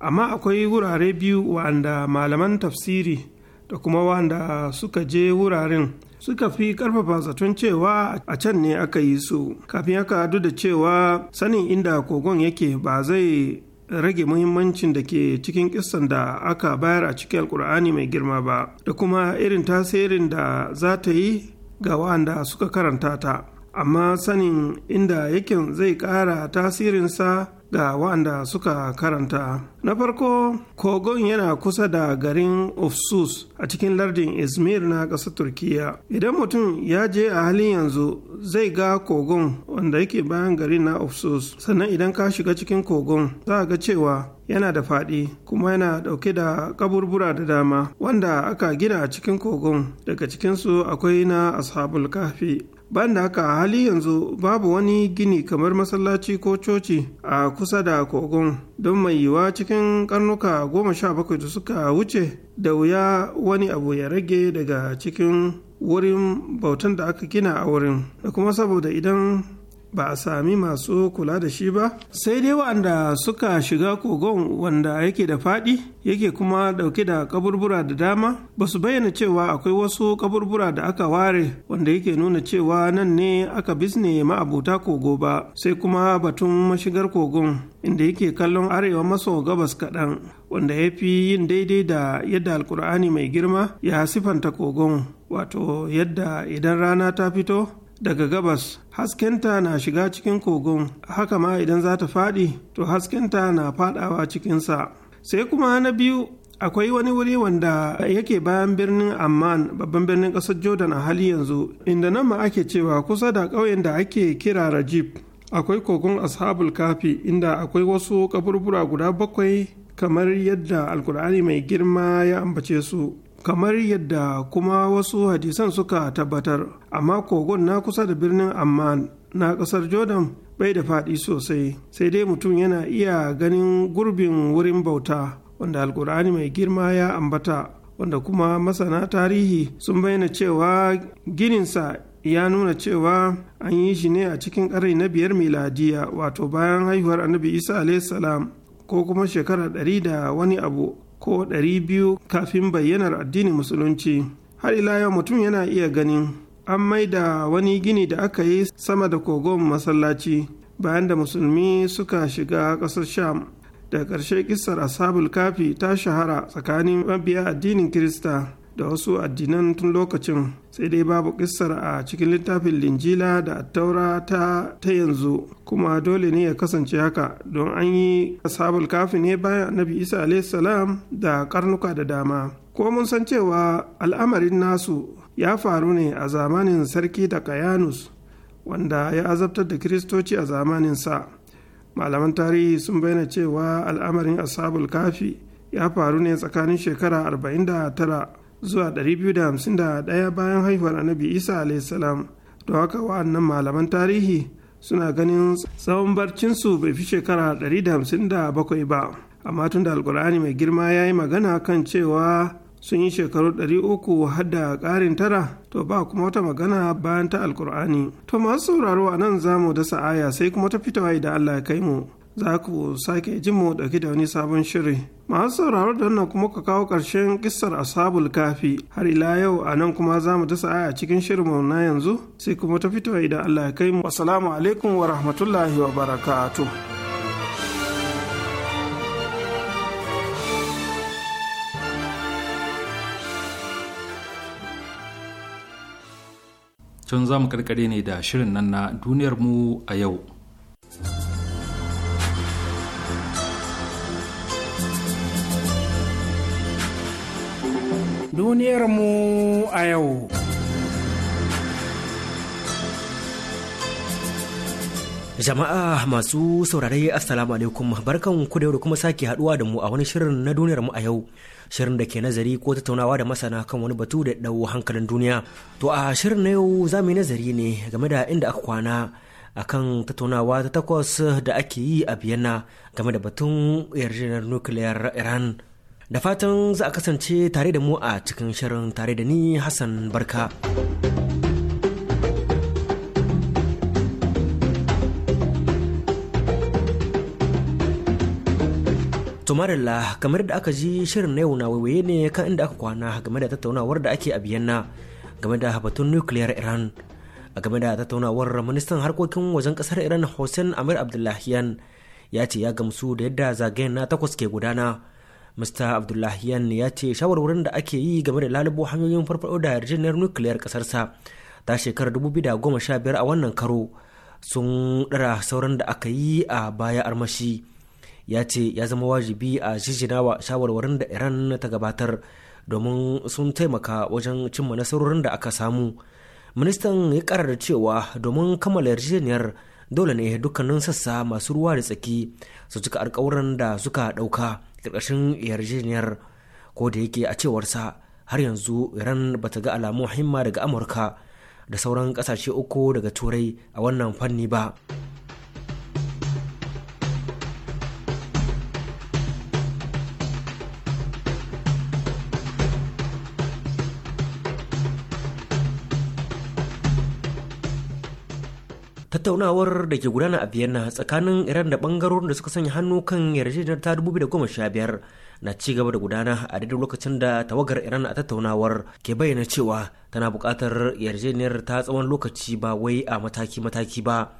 amma akwai wurare biyu wa'anda malaman tafsiri da kuma wa'anda suka je wuraren suka fi karfafa zaton cewa a can ne aka yi su kafin aka hadu da cewa sanin inda kogon yake ba zai rage muhimmancin da ke cikin kissan da aka bayar a cikin alkur'ani mai girma ba da kuma irin tasirin da za ta yi ga wa'anda suka karanta ta amma sanin inda yakin zai ƙara tasirinsa ga waɗanda suka karanta. Na farko, kogon yana kusa da garin Ofsus a cikin lardin Izmir na ƙasar Turkiyya. Idan mutum ya je a halin yanzu zai ga kogon wanda yake bayan garin na Ofsus. Sannan idan ka shiga cikin kogon, za ga cewa yana da faɗi kuma yana ɗauke da kaburbura da dama wanda aka gina cikin kogon daga cikinsu akwai na ashabul kafi ban da haka a hali yanzu babu wani gini kamar masallaci ko coci a kusa da kogon don mai yiwa cikin karnuka goma sha bakwai da suka wuce da wuya wani abu ya rage daga cikin wurin bautan da aka gina a wurin da kuma saboda idan ba a sami masu kula da shi ba sai dai wanda suka shiga kogon wanda yake da faɗi yake kuma ɗauke da kaburbura da dama ba su bayyana cewa akwai wasu kaburbura da aka ware wanda yake nuna cewa nan ne aka bisne ma'abuta kogo ba sai kuma batun mashigar kogon inda yake kallon arewa maso gabas kaɗan wanda ya fi yin daidai da yadda alkur'ani mai girma ya sifanta kogon wato yadda idan rana ta fito daga gabas haskenta na shiga cikin kogon haka ma idan za ta faɗi to haskenta na faɗawa cikinsa sai kuma na biyu akwai wani wuri wanda yake bayan birnin amman babban birnin ƙasar jordan a hali yanzu inda nan ma ake cewa kusa da ƙauyen da ake kira rajib akwai kogon ashabul kafi inda akwai wasu kaburbura guda bakwai kamar yadda alkur'ani mai girma ya ambace su kamar yadda kuma wasu hadisan suka tabbatar amma kogon na kusa da birnin amman na kasar jordan bai da faɗi sosai sai dai mutum yana iya ganin gurbin wurin bauta wanda alkur'ani mai girma ya ambata wanda kuma masana tarihi sun bayyana cewa gininsa ya nuna cewa an yi shi ne a cikin ƙarni na biyar miladiya wato bayan haihuwar annabi isa salam ko kuma shekara ɗari da wani abu ko ɗari biyu kafin bayyanar addinin musulunci har ila yau mutum yana iya ganin an maida wani gini da aka yi sama da kogon masallaci bayan da musulmi suka shiga ƙasar sham da ƙarshe kisar asabul kafi ta shahara tsakanin mabiya addinin kirista da wasu addinan tun lokacin sai dai babu kissar a cikin littafin linjila da taura ta ta yanzu kuma dole ne ya kasance haka don an yi sabul kafi ne bayan annabi isa salam da karnuka da dama ko mun san cewa al'amarin nasu ya faru ne a zamanin sarki da kayanus wanda ya azabtar da kiristoci a zamaninsa malaman tarihi sun bayyana cewa al'amarin ashabul kafi ya faru ne tsakanin shekara 49 zuwa 251 bayan haihuwar annabi isa alaihissalam don haka wa'annan malaman tarihi suna ganin tsawon barcinsu bai fi shekara 157 ba amma tun da alkur'ani mai girma ya yi magana kan cewa sun yi shekaru 300 har da ƙarin tara to ba kuma wata magana bayan ta alkur'ani to masu sauraro a nan za mu dasa aya sai kuma ta fitawa idan allah ya kai mu za ku sake jin mu dauki da wani sabon shiri masu sauraro da wannan kuma ka kawo ƙarshen kissar asabul kafi har ila yau a nan kuma za mu dasa aya cikin mu na yanzu sai kuma ta fito idan allah ya kai mu assalamu alaikum wa rahmatullahi wa barakatu. Tun za mu karkare ne da shirin nan na duniyar mu a yau. duniyarmu a yau. Jama'a masu saurare Assalamu alaikum barkan ku da kuma sake haduwa da mu a wani shirin na duniyar mu a yau shirin da ke nazari ko tattaunawa da masana kan wani batu da dau hankalin duniya to a shirin na yau za mu yi nazari ne game da inda aka kwana akan tattaunawa ta takwas da ake yi a Vienna game da batun yarjejeniyar nukiliyar Iran da fatan za a kasance tare da mu a cikin shirin tare da ni Hassan Barka. Tumarilla kamar da aka ji shirin na yau na waiwaye ne kan inda aka kwana game da tattaunawar da ake a Biyanna game da batun nukiliyar Iran. A game da tattaunawar ministan harkokin wajen kasar Iran Hussein Amir Abdullahian ya ce ya gamsu da yadda zagayen na takwas ke gudana. mista Abdullahian ya ce shawarwarin da ake yi game da lalubo hanyoyin farfaɗo da yarjejeniyar nukiliyar ƙasarsa ta shekarar 2015 a wannan karo sun ɗara sauran da aka yi a baya armashi. Ya ce ya zama wajibi a jijinawa shawarwarin da Iran ta gabatar domin sun taimaka wajen cimma nasarorin da aka samu. Ministan ya karar da cewa domin kammala yarjejeniyar dole ne dukkanin sassa masu ruwa da tsaki su cika alkawuran da suka ɗauka. ƙarƙashin yarjejeniyar ko da yake a cewarsa har yanzu iran ba ta ga alamu himma daga amurka da sauran ƙasashe uku daga turai a wannan fanni ba. tattaunawar da ke gudana a vienna tsakanin iran da bangarorin da suka sanya hannu kan yarjejeniyar ta biyar na ci gaba da gudana a daidai lokacin da tawagar iran a tattaunawar ke bayyana cewa tana bukatar yarjejeniyar ta tsawon lokaci ba wai a mataki-mataki ba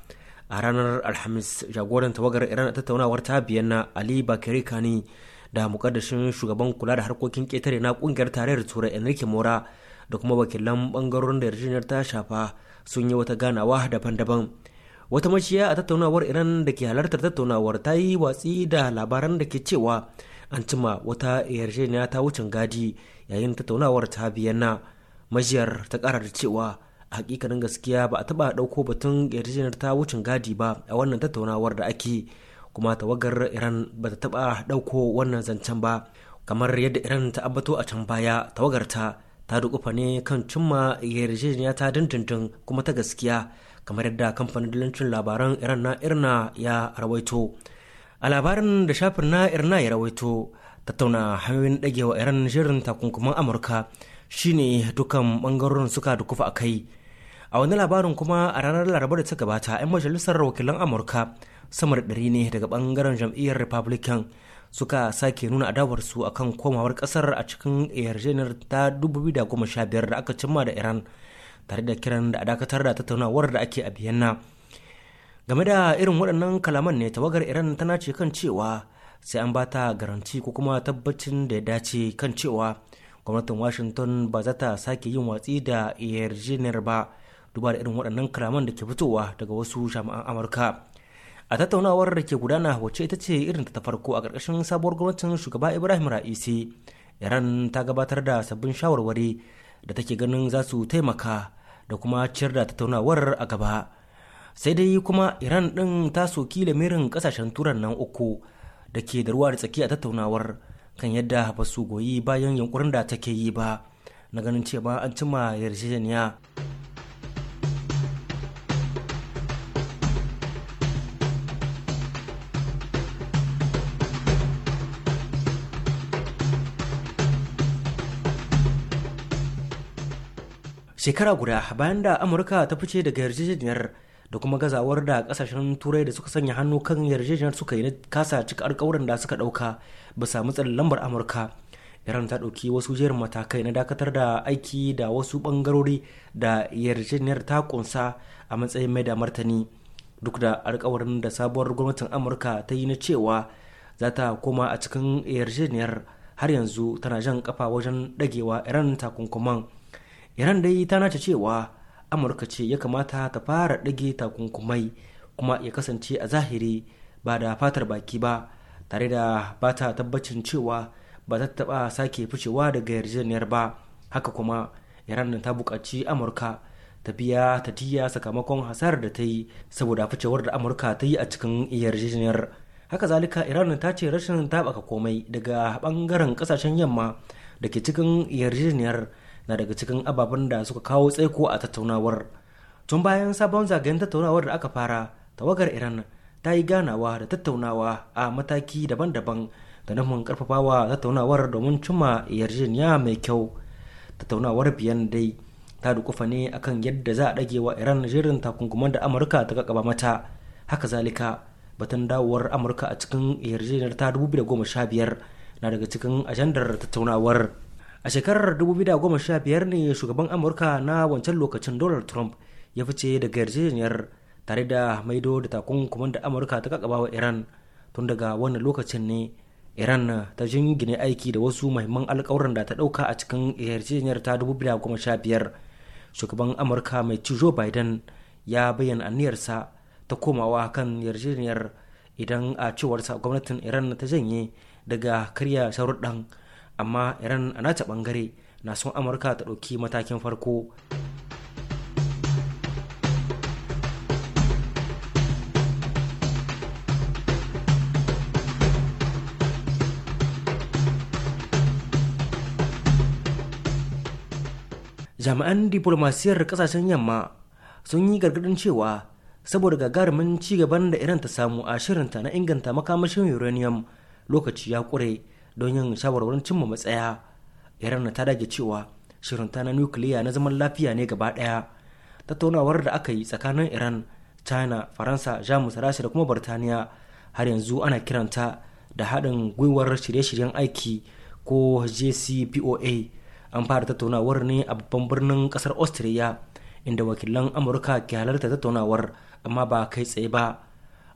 a ranar alhamis jagoran tawagar iran a tattaunawar ta vienna ali bakari kani da mukaddashin shugaban kula da harkokin ƙetare na kungiyar tarayyar turai enrique mora da kuma wakilan bangarorin da yarjejeniyar ta shafa sun yi wata ganawa daban-daban wata maciya a tattaunawar iran da ke halartar tattaunawar ta yi watsi da labaran da ke cewa an cima wata yarjejeniya ta wucin gadi yayin tattaunawar ta biyanna majiyar ta kara da cewa a hakikanin gaskiya ba a taba dauko batun yarjejeniyar ta wucin gadi ba a wannan tattaunawar da ake kuma tawagar iran ba ta taba dauko wannan zancen ba kamar yadda iran ta ambato a can baya tawagar ta ta dukufa ne kan cimma yarjejeniya ta dindindin kuma ta gaskiya kamar yadda kamfanin dalancin labaran iran na irna ya rawaito a labarin da shafin na irna ya rawaito tattauna hanyoyin dagewa iran shirin takunkuman amurka shine dukan bangarorin suka dukufa a kai a wani labarin kuma a ranar laraba da ta gabata 'yan majalisar wakilan amurka sama da ɗari ne daga bangaren jam'iyyar republican suka sake nuna adawarsu akan komawar kasar a cikin yarjejeniyar ta 2015 da aka cimma da iran tare da kiran da a dakatar da tattaunawar da ake a biyanna game da irin waɗannan kalaman ne tawagar iran tana ce kan cewa sai an bata garanti ko kuma tabbacin da ya dace kan cewa gwamnatin washington ba za ta sake yin watsi da yarjejeniyar ba duba da irin waɗannan kalaman da ke fitowa daga wasu jami'an amurka a tattaunawar da ke gudana wacce ita ce irin ta farko a ƙarƙashin sabuwar gwamnatin shugaba ibrahim ra'isi iran ta gabatar da sabbin shawarwari da take ganin za su taimaka da kuma ciyar da tattaunawar a gaba sai dai kuma iran ɗin ta soki lamirin ƙasashen turan nan uku da ke da ruwa da tsaki a tattaunawar kan yadda ba su goyi bayan yankurin da take yi ba na ganin cewa an cima yarjejeniya shekara guda bayan da amurka ta fice daga yarjejeniyar da kuma gazawar da kasashen turai da suka sanya hannu kan yarjejeniyar suka yi na kasa cika alkawuran da suka dauka bisa matsalar lambar amurka iran ta ɗauki wasu jerin matakai na dakatar da aiki da wasu bangarori da yarjejeniyar ta kunsa a matsayin mai da martani duk da alkawarin da sabuwar gwamnatin amurka ta yi na cewa za ta koma a cikin yarjejeniyar har yanzu tana jan kafa wajen dagewa iran takunkuman iran dai ta nace cewa amurka ce ya kamata ta fara ɗage takunkumai kuma ya kasance a zahiri ba da fatar baki ba tare da ba ta tabbacin cewa ba ta taɓa sake ficewa daga yarjejeniyar ba haka kuma iran ta buƙaci amurka ta biya ta tiya sakamakon hasarar da ta yi saboda ficewar da amurka ta yi a cikin yarjejeniyar haka zalika iran ta ce rashin taɓaka komai daga ɓangaren ƙasashen yamma da ke cikin yarjejeniyar na daga cikin ababen da suka kawo tsaiko a tattaunawar tun bayan sabon zagayen tattaunawar da aka fara tawagar iran ta yi ganawa da tattaunawa a mataki daban-daban da nufin karfafawa tattaunawar domin cimma yarjejeniya mai kyau tattaunawar biyan dai ta dukufa ne akan yadda za a dage wa iran jerin takunkuman da amurka ta kakaba mata haka zalika batun dawowar amurka a cikin yarjejeniyar ta 2015 na daga cikin ajandar tattaunawar a shekarar 2015 ne shugaban amurka na wancan lokacin donald trump ya fice daga yarjejeniyar tare da maido da takunkuman da amurka ta kakaba wa iran tun daga wannan lokacin ne iran ta jingine aiki da wasu mahimman alkawuran da ta dauka a cikin yarjejeniyar ta 2015 shugaban amurka mai ci joe biden ya bayyana aniyarsa ta komawa kan yarjejeniyar idan a cewarsa gwamnatin iran ta janye daga karya sharuɗan amma iran a nata bangare na son amurka ta ɗauki matakin farko jami'an diplomasiyar kasashen yamma sun yi gargadin cewa saboda gagarumin gaban da iran ta samu a shirinta na inganta makamashin uranium lokaci ya kure don yin shawarwarin cimma matsaya iran ta dage cewa shirinta na nukiliya na zaman lafiya ne gaba daya tattaunawar da aka yi tsakanin iran china faransa jamus rasha da kuma birtaniya har yanzu ana kiranta da haɗin gwiwar shirye-shiryen aiki ko jcpoa an fara tattaunawar ne a babban birnin ƙasar austria inda wakilan amurka ke halarta tattaunawar amma ba kai tsaye ba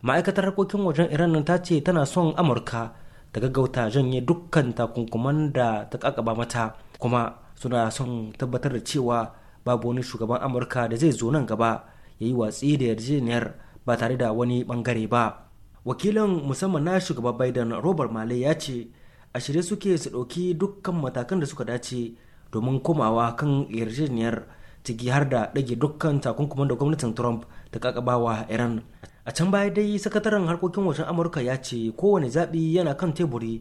ma'aikatar harkokin wajen iran ta ce tana son amurka ta gaggauta janye dukkan takunkuman da ta kakaba mata kuma suna son tabbatar da cewa babu wani shugaban amurka da zai zo nan gaba ya yi watsi da yarjejeniyar ba tare da wani bangare ba wakilin musamman na shugaba biden robert male ya ce a shirye suke su ɗauki dukkan matakan da suka dace domin komawa kan yarjejeniyar ciki har da ɗage dukkan takunkuman da gwamnatin trump ta kakabawa iran a can baya dai sakataren harkokin wajen amurka ya ce kowane zaɓi yana kan teburi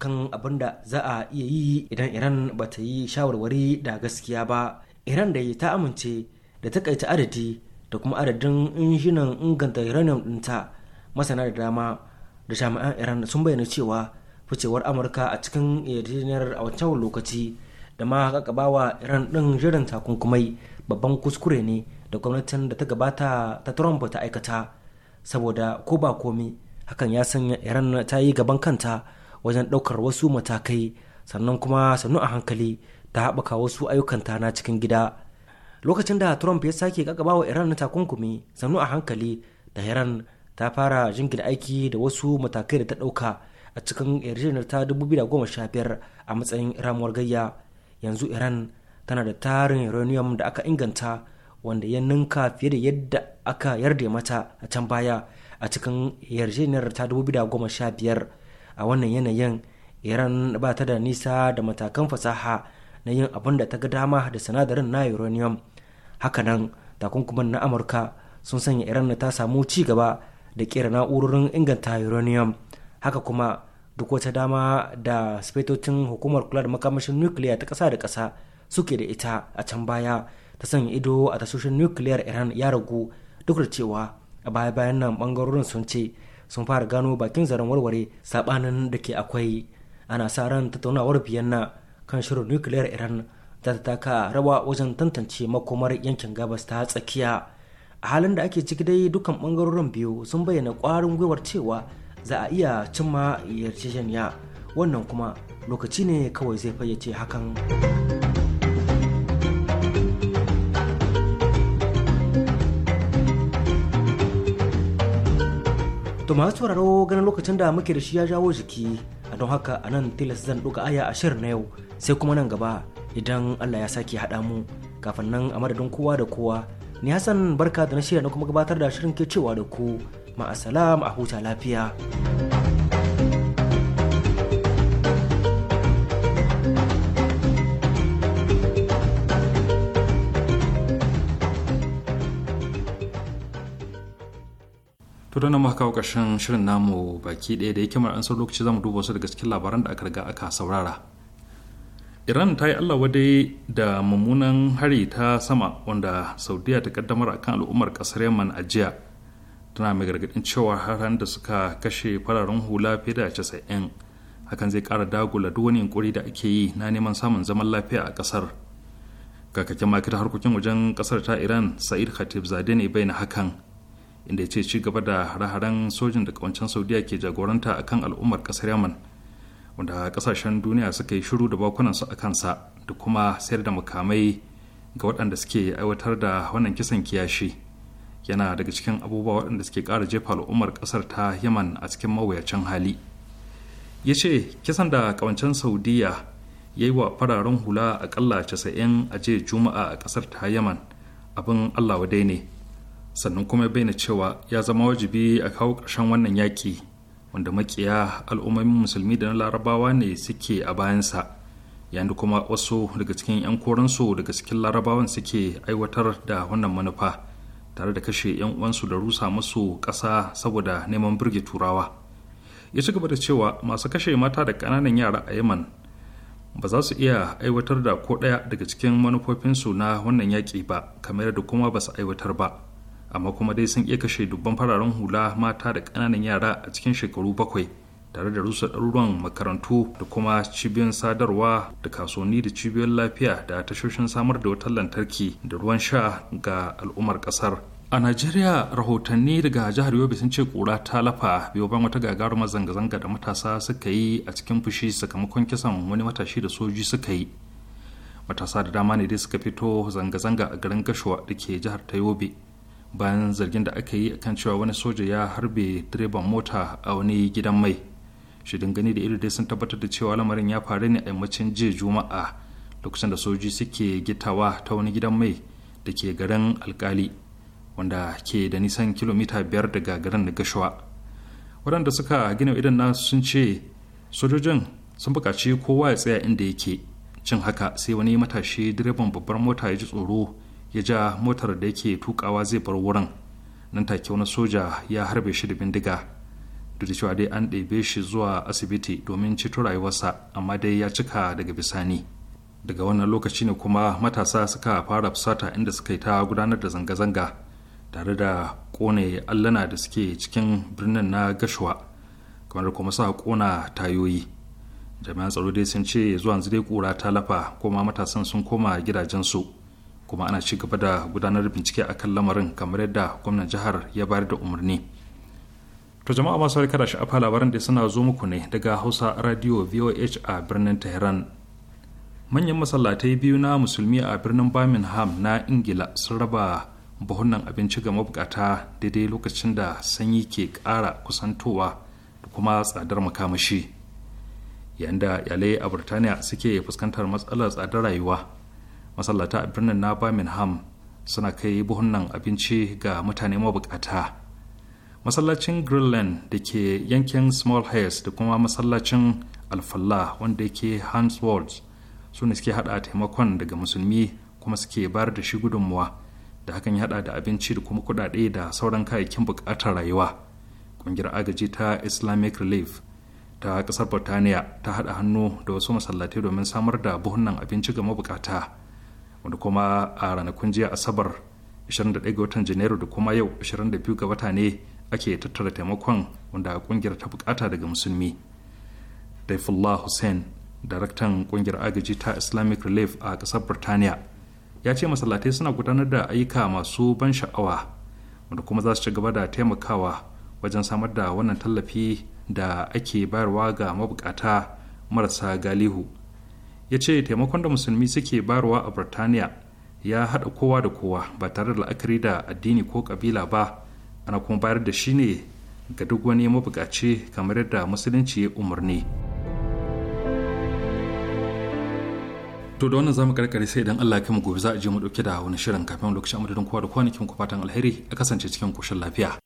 kan abin da za a iya yi idan iran ba ta yi shawarwari da gaskiya ba iran da ta amince da takaita adadi da kuma adadin injinan inganta uranium ɗinta masana da dama da jami'an iran sun bayyana cewa ficewar amurka a cikin yarjejeniyar a wancan lokaci da ma kakabawa iran ɗin jiran takunkumai babban kuskure ne da gwamnatin da ta gabata ta trump ta aikata saboda ko ba komi hakan ya sanya iran ta yi gaban kanta wajen ɗaukar wasu matakai sannan kuma sannu a hankali ta haɓaka wasu ayyukanta na cikin gida lokacin da trump ya sake gagaba wa iran na takunkumi sannu a hankali da iran ta fara jingina aiki da wasu matakai da ta ɗauka a cikin yarjejeniyar ta 2015 a matsayin ramuwar gayya yanzu iran tana da tarin uranium da aka inganta wanda ya ninka fiye da yadda aka yarda mata a can baya a cikin yarjejeniyar ta 2015 a wannan yanayin iran ba ta da nisa da matakan fasaha na yin abin da ta ga dama da sinadarin na uranium hakanan takunkuman na amurka sun sanya iran ta samu ci gaba da kera na'urorin inganta uranium haka kuma duk wata dama da sifetocin hukumar kula da makamashin nukiliya ta ƙasa da ƙasa suke da ita a can baya ta sanya ido a tasoshin nukiliyar iran ya ragu duk da cewa a baya bayan nan bangarorin sun ce sun fara gano bakin zaren warware sabanin da ke akwai ana sa ran tattaunawar biyanna kan shirin nukiliyar iran ta taka rawa wajen tantance makomar yankin gabas ta tsakiya a halin da ake ciki dai dukkan bangarorin biyu sun bayyana kwarin gwiwar cewa za a iya cimma yarjejeniya wannan kuma lokaci ne kawai zai fayyace hakan. To masu sauraro ganin lokacin da muke da shi ya jawo jiki a don haka a nan tilas zan ɗuga aya a shirin na yau sai kuma nan gaba idan Allah ya sake haɗa mu kafin nan a madadin kowa da kowa ni Hassan barka da na shirya na kuma gabatar da shirin ke cewa da ku ma'asalam a huta lafiya. to na maka ƙarshen shirin namu baki ɗaya da ya kimar an san lokaci zamu duba su daga cikin labaran da aka riga aka saurara iran ta yi allah wadai da mummunan hari ta sama wanda saudiya ta kaddamar akan al'ummar ƙasar yaman a jiya tana mai gargaɗin cewa haran da suka kashe fararen hula fiye da casa'in hakan zai kara dagula duk wani yunkuri da ake yi na neman samun zaman lafiya a ƙasar kakakin makita harkokin wajen ƙasar ta iran sa'id khatib zade ne bai na hakan inda ya ce ci gaba da hare sojin da kawancin saudiya ke jagoranta akan al'ummar kasar yaman wanda kasashen duniya suka yi shiru da su a kansa da kuma sayar da makamai ga waɗanda suke aiwatar da wannan kisan kiyashi yana daga cikin abubuwa waɗanda suke ƙara jefa al'ummar ƙasar ta yaman a cikin mawuyacin hali ya ce kisan da kawancin saudiya ya yi wa fararen hula aƙalla 90 a jiya juma'a a ƙasar ta yaman abin allah wadai ne sannan kuma ya bayyana cewa ya zama wajibi a kawo ƙarshen wannan yaƙi wanda makiya al'ummomin musulmi da na larabawa ne suke a bayansa yayin kuma wasu daga cikin 'yan koransu daga cikin larabawan suke aiwatar da wannan manufa tare da kashe 'yan uwansu da rusa musu ƙasa saboda neman birge turawa ya ci gaba da cewa masu kashe mata da ƙananan yara a yaman ba za su iya aiwatar da ko ɗaya daga cikin manufofinsu na wannan yaƙi ba kamar da kuma ba su aiwatar ba amma kuma dai sun iya kashe dubban fararen hula mata da ƙananan yara a cikin shekaru bakwai tare da rusa ɗaruruwan makarantu da kuma cibiyoyin sadarwa da kasuwanni da cibiyoyin lafiya da tashoshin samar da wutar lantarki da ruwan sha ga al'ummar ƙasar a najeriya rahotanni daga jihar yobe sun ce kura ta lafa biyo bayan wata gagarumar zanga-zanga da matasa suka yi a cikin fushi sakamakon kisan wani matashi da soji suka yi matasa da dama ne dai suka fito zanga-zanga a garin gashuwa da ke jihar ta yobe bayan zargin da aka yi kan cewa wani soja ya harbe direban mota a wani gidan mai shirin gani da iri dai sun tabbatar da cewa lamarin ya faru ne a yammacin jiya juma'a lokacin da soji suke gitawa ta wani gidan mai da ke garin alkali wanda ke da nisan kilomita biyar daga garin da gashuwa waɗanda suka gina idan na sun ce sojojin sun bukaci kowa ya tsaya inda yake cin haka sai wani matashi direban babbar mota ya ji tsoro ya ja motar da yake tukawa zai bar wurin nan take wani soja ya harbe shi da bindiga duk da cewa dai an ɗebe shi zuwa asibiti domin ceto rayuwarsa amma dai ya cika daga bisani daga wannan lokaci ne kuma matasa suka fara fusata inda suka yi ta gudanar da zanga-zanga tare da kone allana da suke cikin birnin na gashuwa kamar kuma sa kona tayoyi jami'an tsaro dai sun ce zuwa yanzu dai kura ta lafa kuma matasan sun koma gidajensu kuma ana ci gaba da gudanar bincike a kan lamarin kamar yadda gwamnan jihar ya bayar da umarni to jama'a masu harka da sha'afa labaran da suna zo muku ne daga hausa radio voh a birnin tehran manyan masallatai biyu na musulmi a birnin birmingham na ingila sun raba buhunan abinci ga mabukata daidai lokacin da sanyi ke ƙara kusantowa da kuma tsadar makamashi yayin da iyalai a burtaniya suke fuskantar matsalar tsadar rayuwa masallata a birnin na birmingham suna kai buhunan abinci ga mutane mabukata masallacin greenland da ke yankin small hills da kuma masallacin alfalla wanda yake hans walls su ne suke hada taimakon daga musulmi kuma suke bayar da shi gudunmuwa da hakan ya hada da abinci da kuma kudade da sauran kayayyakin bukatar rayuwa ƙungiyar agaji ta islamic relief ta ƙasar burtaniya ta hada hannu da wasu masallatai domin samar da buhunan abinci ga mabukata wanda kuma a ranakun jiya asabar 21 ga watan janairu da kuma yau 22 ga wata ne ake tattara taimakon wanda kungiyar ta bukata daga musulmi daifullah hussein daraktan kungiyar agaji ta islamic relief a kasar birtaniya ya ce masallatai suna gudanar da ayyuka masu ban sha'awa wanda kuma za su ci gaba da taimakawa wajen samar da wannan tallafi da ake bayarwa ga mabukata marasa galihu ya ce taimakon da musulmi suke barwa a burtaniya ya haɗa kowa da kowa ba tare da la'akari da addini ko ƙabila ba ana kuma bayar da shi ne ga duk wani mabukaci kamar yadda musulunci ya umarni to da wannan zamu karkare sai idan Allah ya mu gobe za a je mu dauke da wani shirin kafin lokacin amadadin kowa da kin ku fatan alheri a kasance cikin koshin lafiya